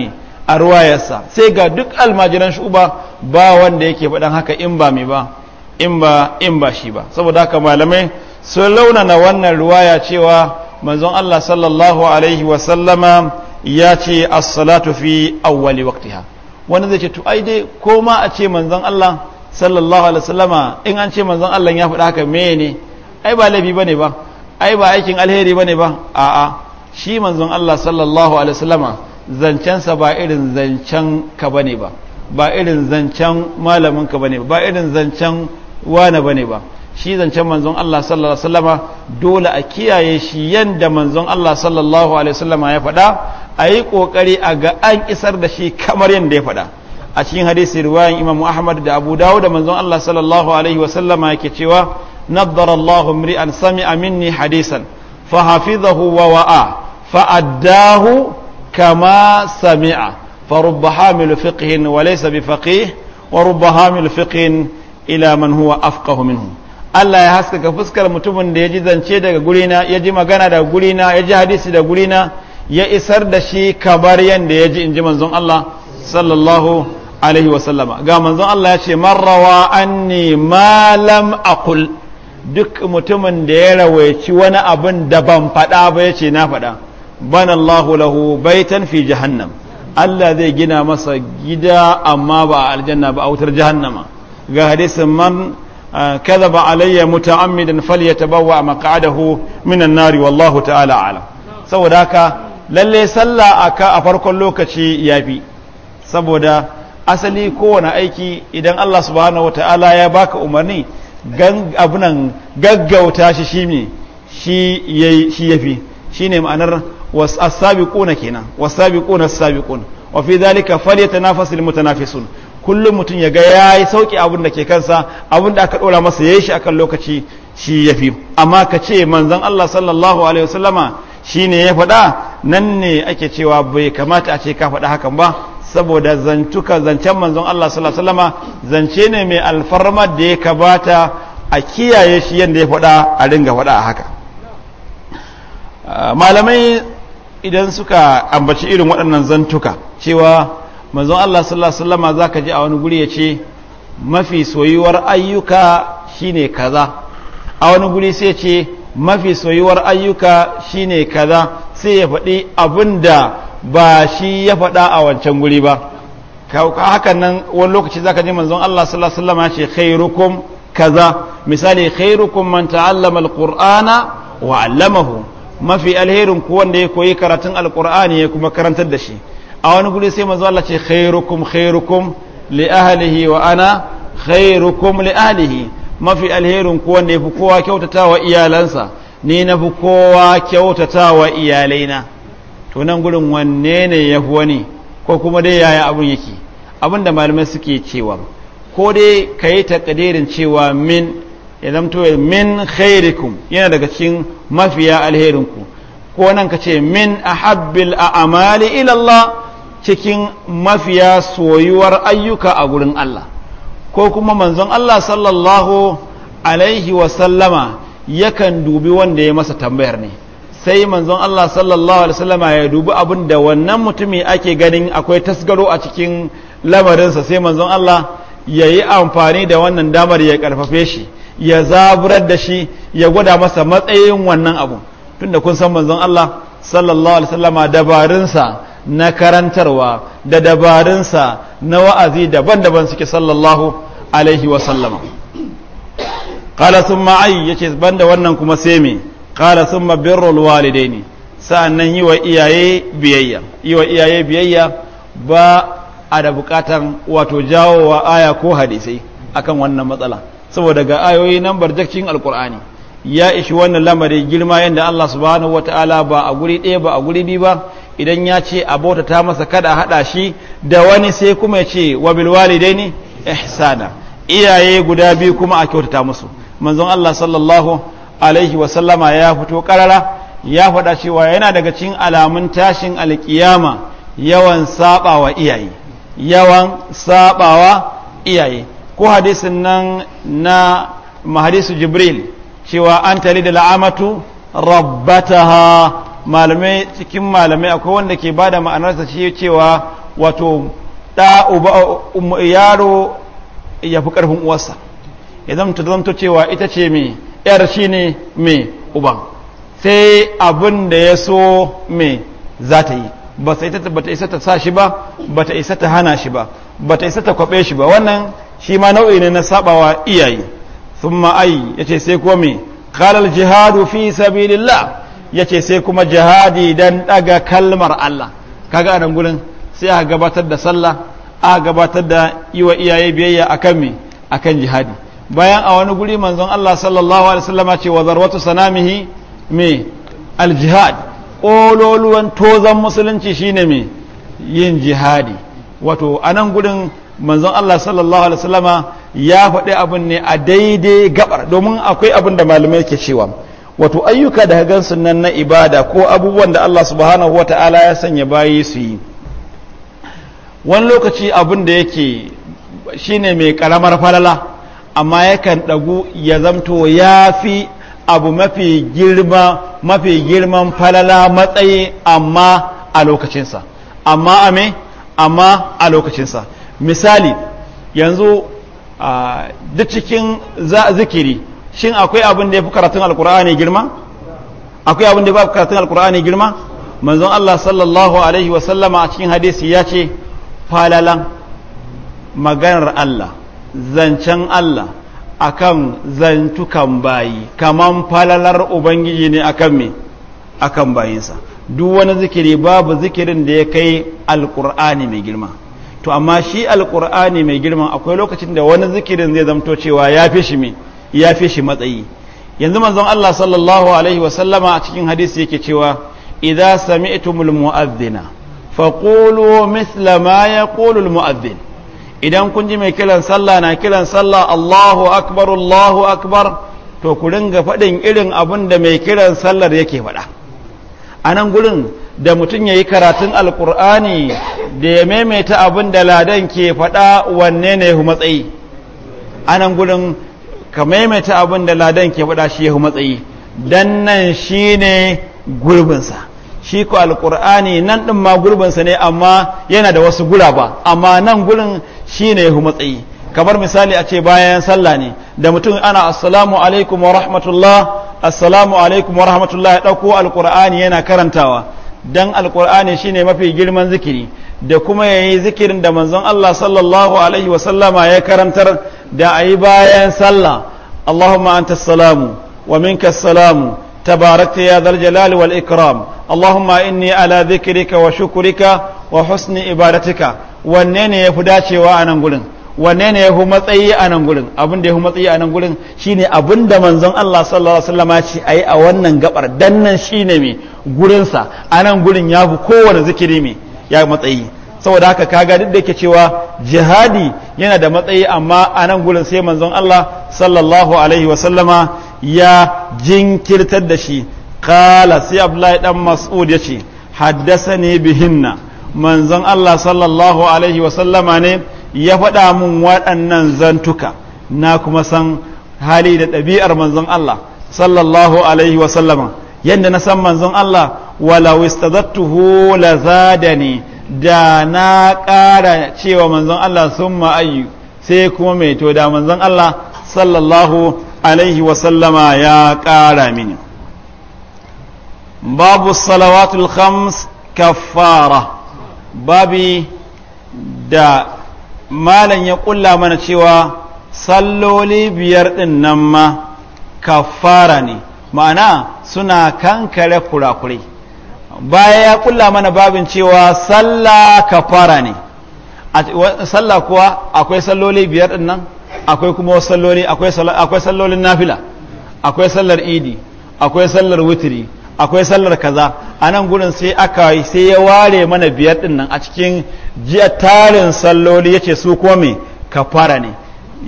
A: ruwayarsa sai ga duk almajiran shuba ba wanda yake faɗan haka in ba mai ba in ba shi ba saboda haka malamai sun na wannan ruwaya cewa manzon Allah sallallahu alaihi wa sallama ya ce as-salatu fi awwali waqtiha wani zai ce to ai dai ko ma a ce manzon Allah sallallahu alaihi wasallama in an ce manzon Allah ya faɗa haka me ne ai ba laifi bane ba ai ba aikin alheri bane ba a'a shi manzon Allah sallallahu alaihi wasallama zancensa ba irin zancen ka bane ba ba irin zancen malamin ka bane ba irin zancen wane bane ba shi zancen manzon Allah sallallahu alaihi wasallama dole a kiyaye shi yanda manzon Allah sallallahu alaihi wasallama ya faɗa a yi ƙoƙari a ga an isar da shi kamar yanda ya faɗa a cikin hadisi riwayan Imam Ahmad da Abu Dawud da manzon Allah sallallahu alaihi wasallama yake cewa naddara Allahu mri'an sami'a minni hadisan fa hafizahu wa wa'a fa addahu kama sami'a fa rubba hamilu fiqhin wa laysa bi faqih wa rubba hamilu fiqhin ila man huwa afqahu minhu Allah ya haskaka fuskar mutumin da ya ji zance daga gurina ya ji magana daga gurina ya ji hadisi da gurina ya isar da shi kamar yadda ya ji in ji manzon Allah sallallahu alaihi wasallama ga manzon Allah ya ce marrawa anni malam aqul duk mutumin da ya rawaici wani abin da ban faɗa ba ya ce na faɗa banallahu lahu baitan fi jahannam Allah zai gina masa gida amma ba a aljanna ba a wutar jahannama ga hadisin man كذب علي متعمدا فليتبوأ مقعده من النار والله تعالى أعلم saboda haka lalle sallah aka a farkon lokaci yafi saboda asali kowane aiki idan Allah subhanahu wataala ya baka umarni abunan gaggauta shi shi ne shi yafi shine ma'anar was-sabiquna kenan was-sabiquna as-sabiqun wa fi dhalika falyatanafasul mutanafisun kullum mutum ya ga ya yi sauƙi abin da ke kansa abin da aka ɗora masa ya yi shi a kan lokaci shi ya fi amma ka ce manzan Allah sallallahu alaihi wasallama shi ne ya faɗa nan ne ake cewa bai kamata a ce ka faɗa hakan ba saboda zantuka zancen manzan Allah sallallahu alaihi zance ne mai alfarma da ya kabata a kiyaye shi yadda ya faɗa a ringa faɗa a haka malamai idan suka ambaci irin waɗannan zantuka cewa manzon Allah sallallahu alaihi wasallam zaka ji a wani guri ya mafi soyuwar ayyuka shine kaza a wani guri sai ce mafi soyuwar ayyuka shine kaza sai ya faɗi abinda ba shi ya faɗa a wancan guri ba hakan nan wani lokaci zaka ji manzon Allah sallallahu alaihi wasallam ya ce khairukum kaza misali khairukum man ta'allama alqur'ana wa 'allamahu mafi alherin ku wanda ya koyi karatun alqur'ani ya kuma karantar da shi a wani guri sai manzo Allah ce khairukum khairukum li ahlihi wa ana khairukum li ahlihi mafi alherin ku wanda yafi kowa kyautatawa iyalansa ni nafi kowa kyautatawa iyalaina to nan gurin wanne ne yafi wani ko kuma dai yaya abun yake abin da malamai suke cewa ko dai kayi takadirin cewa min ya to min khairikum yana daga cikin mafiya alherin ku ko nan ka ce min ahabbil a'amali ila Allah cikin mafiya soyuwar ayyuka a gurin Allah ko kuma manzon Allah sallallahu alaihi wasallama yakan dubi wanda ya masa tambayar ne sai manzon Allah sallallahu alaihi wasallama ya dubi abin da wannan mutumi ake ganin akwai tasgaro a cikin lamarinsa sai manzon Allah ya yi amfani da wannan damar ya karfafe shi ya zaburar da shi ya gwada masa matsayin wannan abu tunda kun san manzon Allah sallallahu alaihi wasallama dabarunsa na karantarwa da dabarunsa na wa'azi daban-daban suke sallallahu alaihi wasallama Kala sun ma'ai ya ce ban da wannan kuma sai me kala sun mabirrul walidai ne nan yi wa iyaye biyayya yi wa iyaye biyayya ba a da bukatan wato jawo wa aya ko hadisai akan wannan matsala saboda ga ayoyi nan barjakcin alkur'ani ya ishi wannan lamari girma yadda Allah subhanahu wataala ba a guri ɗaya ba a guri biyu ba idan ya ce abota ta masa kada a haɗa shi da wani sai kuma ya ce wa dai ne ihsana iyaye guda biyu kuma a kyautata musu manzon Allah sallallahu alaihi wa sallama ya fito karara ya faɗa cewa yana daga cikin alamun tashin alkiyama yawan sabawa iyaye yawan sabawa iyaye ko hadisin nan na mahadisu jibril cewa an tali da la'amatu rabbataha malamai cikin malamai akwai wanda ke bada ma'anarsa shi cewa wato da uba um, yaro ya fi karfin uwarsa ya zamta cewa ita ce me yar ne me uba sai abin da ya so me za ta yi ba ta isa ta sa shi ba ba ta isa ta hana shi ba ba ta isa ta kwabe shi ba wannan shi ma nau'i ne na sabawa iyaye sun ma'ai ya sai kuwa me kalal jihadu fi sabilillah yace sai kuma jihadi don daga kalmar Allah kaga anan gurin sai a gabatar da sallah a gabatar da yi wa iyaye biyayya akan me kan jihadi bayan a wani guri manzon Allah sallallahu alaihi wasallama ce wa zarwatu sanamihi me aljihad ƙololuwan tozan musulunci shine me yin jihadi wato a anan gurin manzon Allah sallallahu alaihi wasallama ya faɗi abin ne a daidai gabar domin akwai abin da malamai ke cewa wato ayyuka da gansu nan na ibada ko abubuwan da Allah subhanahu wata'ala ya sanya bayi su yi wani lokaci abin da yake shine mai karamar falala amma yakan ɗagu ya zamto ya fi abu mafi girma mafi girman falala matsayi amma a lokacinsa amma a amma a lokacinsa misali yanzu duk cikin zikiri shin akwai abin da ya fi karatun alkur'ani girma akwai abin da ya fi karatun alkur'ani girma manzon Allah sallallahu alaihi wa a cikin hadisi ya ce falalan maganar Allah zancen Allah akan zantukan bayi kaman falalar ubangiji ne akan me akan bayinsa duk wani zikiri babu zikirin da ya kai alkur'ani mai girma to amma shi alkur'ani mai girma akwai lokacin da wani zikirin zai zamto cewa ya fi shi me ya fi shi matsayi yanzu manzon Allah sallallahu alaihi wa sallama a cikin hadisi yake cewa idza sami'tumul mu'adhdhina faqulu mithla ma yaqulu al mu'adhdhin idan kun ji mai kiran sallah na kiran sallah Allahu akbar Allahu akbar to ku ringa faɗin irin abin da mai kiran sallar yake faɗa anan gurin da mutum ya yi karatun alkur'ani da ya maimaita abin da ladan ke faɗa wanne ne hu matsayi anan gurin ka maimaita abin da ladan ke faɗa shi yahu matsayi dan nan shi ne gurbinsa shi ko alƙur'ani nan ɗin ma gurbinsa ne amma yana da wasu ba amma nan gurin shi ne yahu matsayi kamar misali a ce bayan sallah ne da mutum ana assalamu alaikum wa rahmatullah assalamu alaikum wa rahmatullah ya ɗauko alƙur'ani yana karantawa dan alƙur'ani shine mafi girman zikiri da kuma yayi zikirin da manzon Allah sallallahu alaihi wa ya karantar da a yi bayan sallah Allahumma anta salamu wa minka salamu tabarakta ya zal jalali wal ikram Allahumma inni ala zikrika wa shukurika wa husni ibadatika wanne ne ya fi dacewa a nan gurin wanne ne ya fi matsayi a nan gurin abin da ya fi matsayi a nan gurin shine abin da manzon Allah sallallahu alaihi wasallam ce ayi a wannan gabar dan nan shine me gurinsa a nan gurin ya fi kowane zikiri me ya matsayi saboda haka kaga duk da yake cewa jihadi yana da matsayi amma a nan gurin sai manzon Allah sallallahu alaihi wa sallama ya jinkirtar da shi qala sai Abdullahi dan Mas'ud ya ce haddasani bihinna manzon Allah sallallahu alaihi wa sallama ne ya faɗa min waɗannan zantuka na kuma san hali da ɗabi'ar manzon Allah sallallahu alaihi wa sallama yanda na san manzon Allah wala istazattuhu la zadani da na ƙara cewa manzon Allah sun ma'ayyu sai kuma mai to da manzon Allah sallallahu alaihi wasallama ya ƙara mini babu salawatul khams kafara babi da malam ya ƙulla mana cewa salloli biyar ɗin nan ma kaffara ne ma'ana suna kankare kurakurai baya ya kulla mana babin cewa sallah kafara ne sallah kuwa akwai salloli biyar din nan akwai kuma salloli akwai sallolin nafila akwai sallar idi akwai sallar wutiri akwai sallar kaza a nan gurin sai aka sai ya ware mana biyar din nan a cikin jiya tarin salloli yace su kuma me kafara ne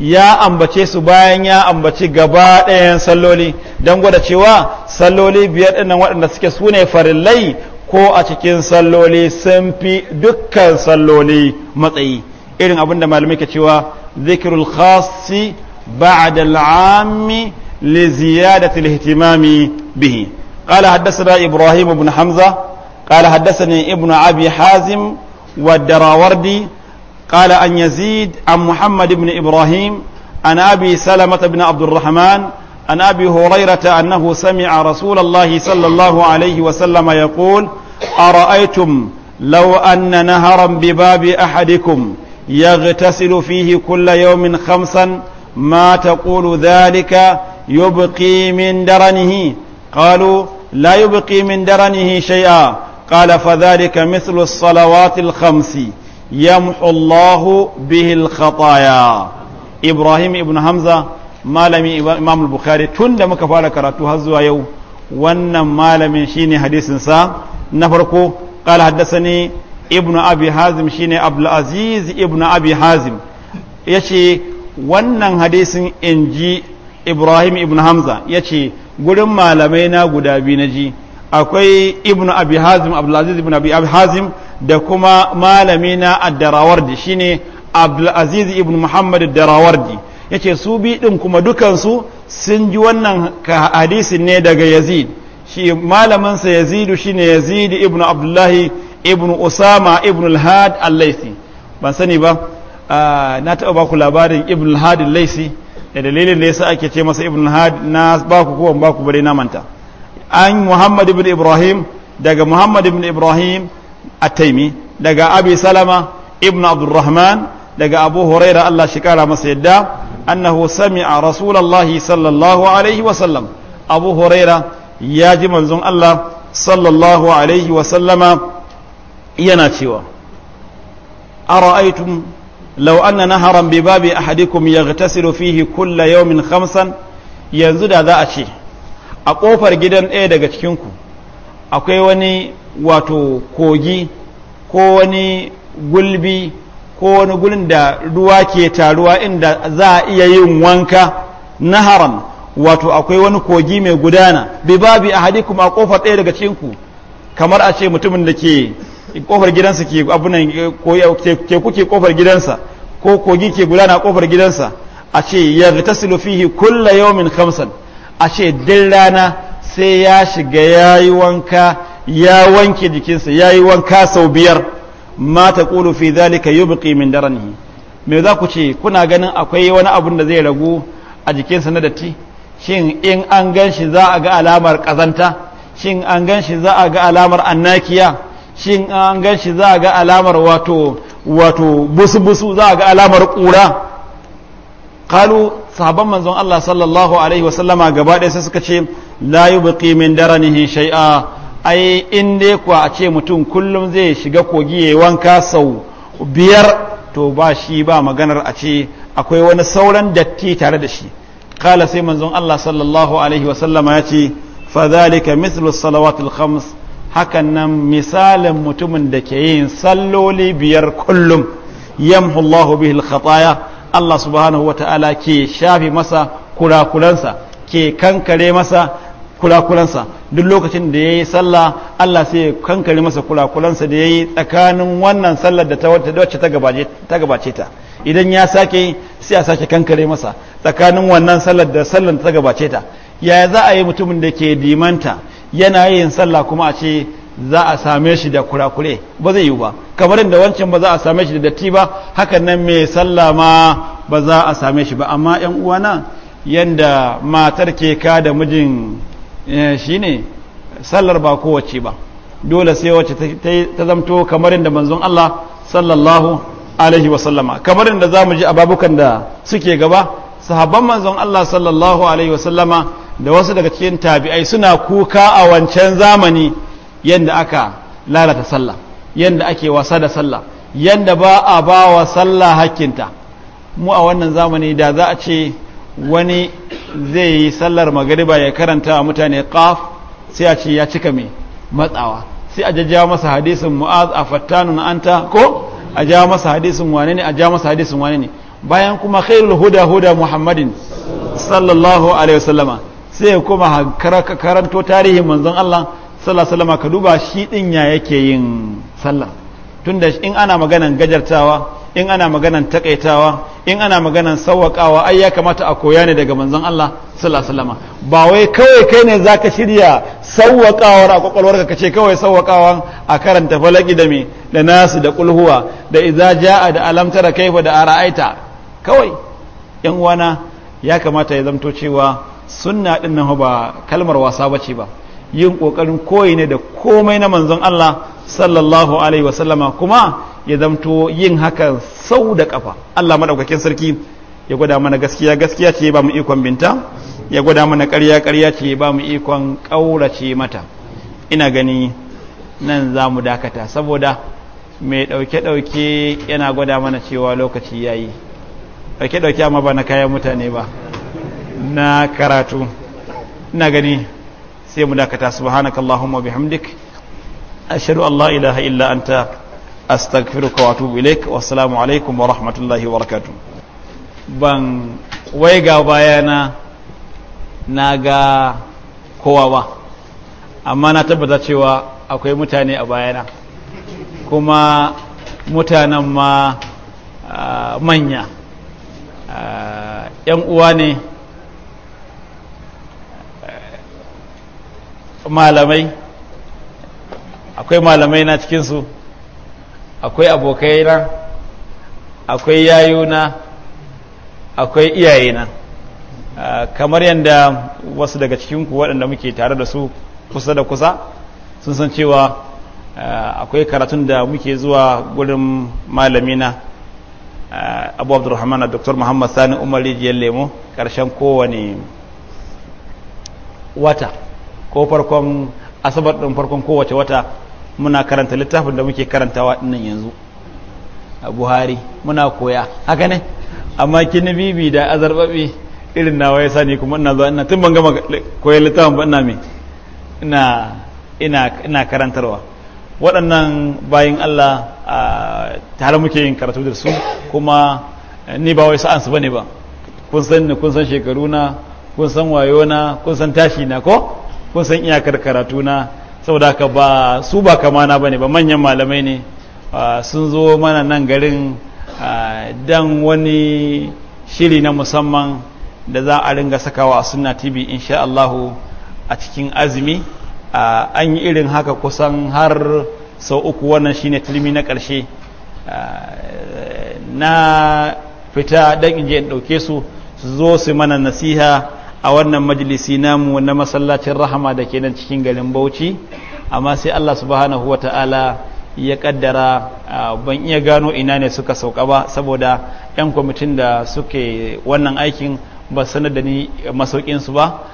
A: ya ambace su bayan ya ambaci gaba ɗayan salloli don gwada cewa salloli biyar ɗinnan waɗanda suke su ne farillai ko a cikin salloli sun fi dukkan salloli matsayi irin abin da malamai ke cewa zikirul khasi ba'da al'ammi li ziyadati ihtimami bihi qala haddathana ibrahim ibn hamza qala haddathani ibn abi hazim wa darawardi قال أن يزيد عن محمد بن إبراهيم عن أبي سلمة بن عبد الرحمن عن أبي هريرة أنه سمع رسول الله صلى الله عليه وسلم يقول أرأيتم لو أن نهرا بباب أحدكم يغتسل فيه كل يوم خمسا ما تقول ذلك يبقي من درنه قالوا لا يبقي من درنه شيئا قال فذلك مثل الصلوات الخمس يمحو الله به الخطايا Ibrahim ibn Hamza malami Imam Bukhari tun da muka fara karatu har zuwa yau wannan malamin shine hadisin sa na farko qala haddathani ibn Abi Hazim shine Abdul Aziz ibn Abi Hazim yace wannan hadisin inji Ibrahim ibn Hamza yace gurin malamai na guda biyu naji akwai ibn Abi Hazim Abdul Aziz ibn Abi Hazim da kuma malami na ad-darawardi shine abdulaziz ibn muhammad ad-darawardi yace su bi din kuma dukansu sun ji wannan hadisin ne daga yazid shi malamin sa yazidu shine yazid ibn abdullahi ibn usama ibn al-had al-laisi ban sani ba na taɓa ba ku labarin ibn al-had al-laisi da dalilin da yasa ake ce masa ibn al-had na ba ku ba ku bare na manta an muhammad ibn ibrahim daga muhammad ibn ibrahim at-taimi daga abi salama ibn abdurrahman daga abu huraira Allah shi kara masa yadda annahu sami'a rasulullahi sallallahu alaihi wa sallam abu huraira ya ji manzon Allah sallallahu alaihi wa sallama yana cewa a ra'aitu lau'anna na bi babi ahadikum yaghtasilu fihi kulla yawmin khamsan yanzu da za a ce a ƙofar gidan ɗaya daga cikinku. akwai wani wato kogi ko wani gulbi ko wani gulin da ruwa ke taruwa inda za a iya yin wanka na haram wato akwai wani kogi mai gudana bi babi a hadi kuma kofar ɗaya daga cikinku kamar a ce mutumin da ke kofar gidansa ke abunan ke kuke kofar gidansa ko kogi ke gudana a kofar gidansa a ce yadda ta silofihi kulla min khamsan a ce din rana sai ya shiga ya yi wanka ya wanke jikinsa ya yi wanka sau biyar ma ta ƙulu fi zalika buƙi min rani me za ku ce kuna ganin akwai wani abun da zai ragu a jikinsa na datti shin in an gan shi za a ga alamar ƙazanta shin an gan shi za a ga alamar annakiya shin an gan shi za a ga alamar wato wato busu-busu za a ga alamar ƙura kalu sahabban manzon Allah sallallahu alaihi wasallama gaba ɗaya sai suka ce la yubqi min daranihi shay'a ai in dai kuwa a ce mutum kullum zai shiga kogi yayi wanka sau biyar to ba shi ba maganar a ce akwai wani sauran datti tare da shi kala sai manzon Allah sallallahu alaihi sallama ya ce fa dhalika mithlu salawatil khams hakan nan misalin mutumin da ke yin salloli biyar kullum yamhu Allahu bihi al-khataya Allah subhanahu ta'ala ke shafi masa kurakuransa ke kankare masa kurakuransa duk lokacin da ya yi sallah Allah sai ya kankare masa kurakuransa da ya yi tsakanin wannan sallar da ta wacce ta gabace ta idan ya sake sai a sake kankare masa tsakanin wannan sallar da sallar ta gabace ta yaya za a yi mutumin da ke dimanta yana yin sallah kuma a ce za a same shi da kurakure ba zai yi ba kamar da wancan ba za a same shi da datti ba hakan nan mai sallama ba za a same shi ba amma yan uwana yanda matar ke ka da mijin eh, shine sallar ba kowace ba dole sai wacce ta zamto kamar inda manzon Allah sallallahu alaihi wa sallama kamar za zamu ji a babukan da suke gaba sahabban manzon Allah sallallahu alaihi wa sallama da wasu daga cikin tabi'ai suna kuka a wancan zamani yanda aka lalata sallah yanda ake wasa da sallah yanda ba a ba wa sallah hakkinta mu a wannan zamani da za a ce wani zai yi sallar magariba ya karanta wa mutane qaf sai a ce ya cika mai matsawa sai a jajjawa masa hadisin mu'az a fattanun anta ko a ja masa hadisin wane ne a ja masa hadisin wane ne bayan kuma khairul huda huda muhammadin sallallahu alaihi wasallama sai kuma karanto tarihin manzon Allah sallallahu alaihi ka duba shi din ya yake yin sallah tunda in ana maganan gajartawa in ana maganan takaitawa in ana maganan sawwakawa ai ya kamata a koya ne daga manzon Allah sallallahu alaihi ba wai kawai kai ne zaka shirya sawwakawar a kokolwarka kace kawai sawwakawan a karanta falaki da me da nasu da kulhuwa da idza jaa da alamtara kaifa da ara'aita kawai yan uwana ya kamata ya zamto cewa sunna din nan ba kalmar wasa bace ba yin ƙoƙarin koyi ne da komai na manzon Allah sallallahu alaihi wasallama kuma ya zamto yin hakan sau da ƙafa Allah maɗaukakin sarki ya gwada mana gaskiya gaskiya ce ba mu ikon binta ya gwada mana ƙarya ƙarya ce ba mu ikon ƙaurace mata ina gani nan za mu dakata saboda mai ɗauke-ɗauke yana gwada mana cewa lokaci ya yi ɗauke-ɗauke amma ba na kayan mutane ba na karatu ina gani sai mu dakata subhanakallahumma bihamdik ashhadu an la ilaha illa anta astaghfiruka wa atubu ilaik wa assalamu alaikum wa rahmatullahi wa barakatuh ban waiga bayana na ga kowa ba amma na tabbata cewa akwai mutane a bayana kuma mutanen ma ah, manya ah, yan uwa ne malamai akwai malamai na cikinsu akwai abokai na akwai yayu na akwai iyaye na ah, kamar yadda wasu daga cikinku waɗanda muke tare da su kusa da kusa sun san cewa ah, akwai karatun da muke zuwa gurin malamina ah, abu abdurrahman da dr muhammad sani umar rijiyar lemo ƙarshen kowane wata ko farkon asabar ɗin farkon kowace wata muna karanta littafin da muke karantawa ɗinnan yanzu a buhari muna koya haka ne amma kini bibi da azarɓaɓi irin nawa ya sani kuma ina zuwa ina tun ban gama koyar littafin ba ina mai ina karantarwa waɗannan bayan allah tare muke yin karatu da su kuma ni ba wai sa'ansu ba ne ba kun san ni kun san shekaru na kun san wayo na kun san tashi na ko kun san iyakar karatuna na saboda ka ba su ba kamana bane ba manyan malamai ne ah, sun zo mana nan garin ah, dan wani shiri na musamman da za a ringa sakawa a sunna tv insha Allahu a cikin azumi ah, an yi irin haka kusan har sau uku wannan shine tilmi na ƙarshe na fita dan in je in ɗauke su su zo su mana nasiha a wannan majalisi namu na masallacin rahama da ke nan cikin garin bauchi amma sai Allah subhanahu ta'ala ya kaddara ban iya gano ina ne suka sauka ba saboda 'yan kwamitin da suke wannan aikin ba sanar da ni masaukinsu ba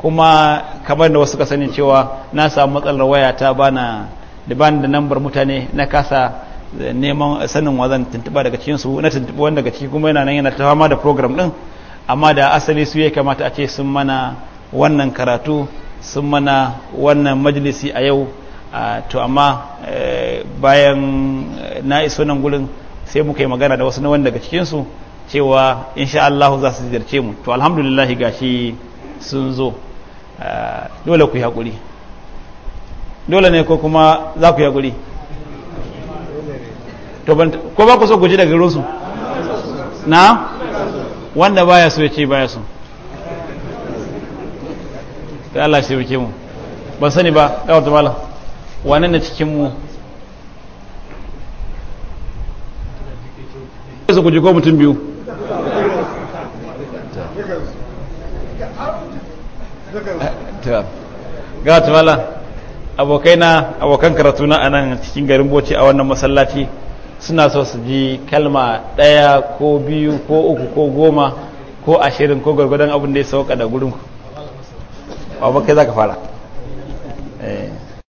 A: kuma kamar da wasu ka cewa na samu matsalar wayata bana da bani da nambar mutane na kasa neman sanin wazan tuntuba daga cikinsu na tuntuba daga ciki kuma yana nan yana ta fama da program din amma da asali su ya kamata a ce sun mana wannan karatu sun mana wannan majalisi a yau to amma eh, bayan eh, na iso nan gurin sai muka yi magana da wasu na wanda daga cikinsu cewa insha Allah za su ziyarce mu to alhamdulillah gashi sun zo dole ku yi haƙuri dole ne ko kuma za ku yi haƙuri ko ba ku so guji daga rusu na wanda baya so ya ce baya so da Allah shi yake mu ban sani ba ɗawar Bala. wane na cikin mu su ku ko mutum biyu ga tumala abokai na abokan karatu na anan cikin garin boci a wannan masallaci suna so su ji kalma ɗaya ko biyu ko uku ko goma ko ashirin ko gwargwadon abin da ya sauka da gurinku ba kai za ka fara eh.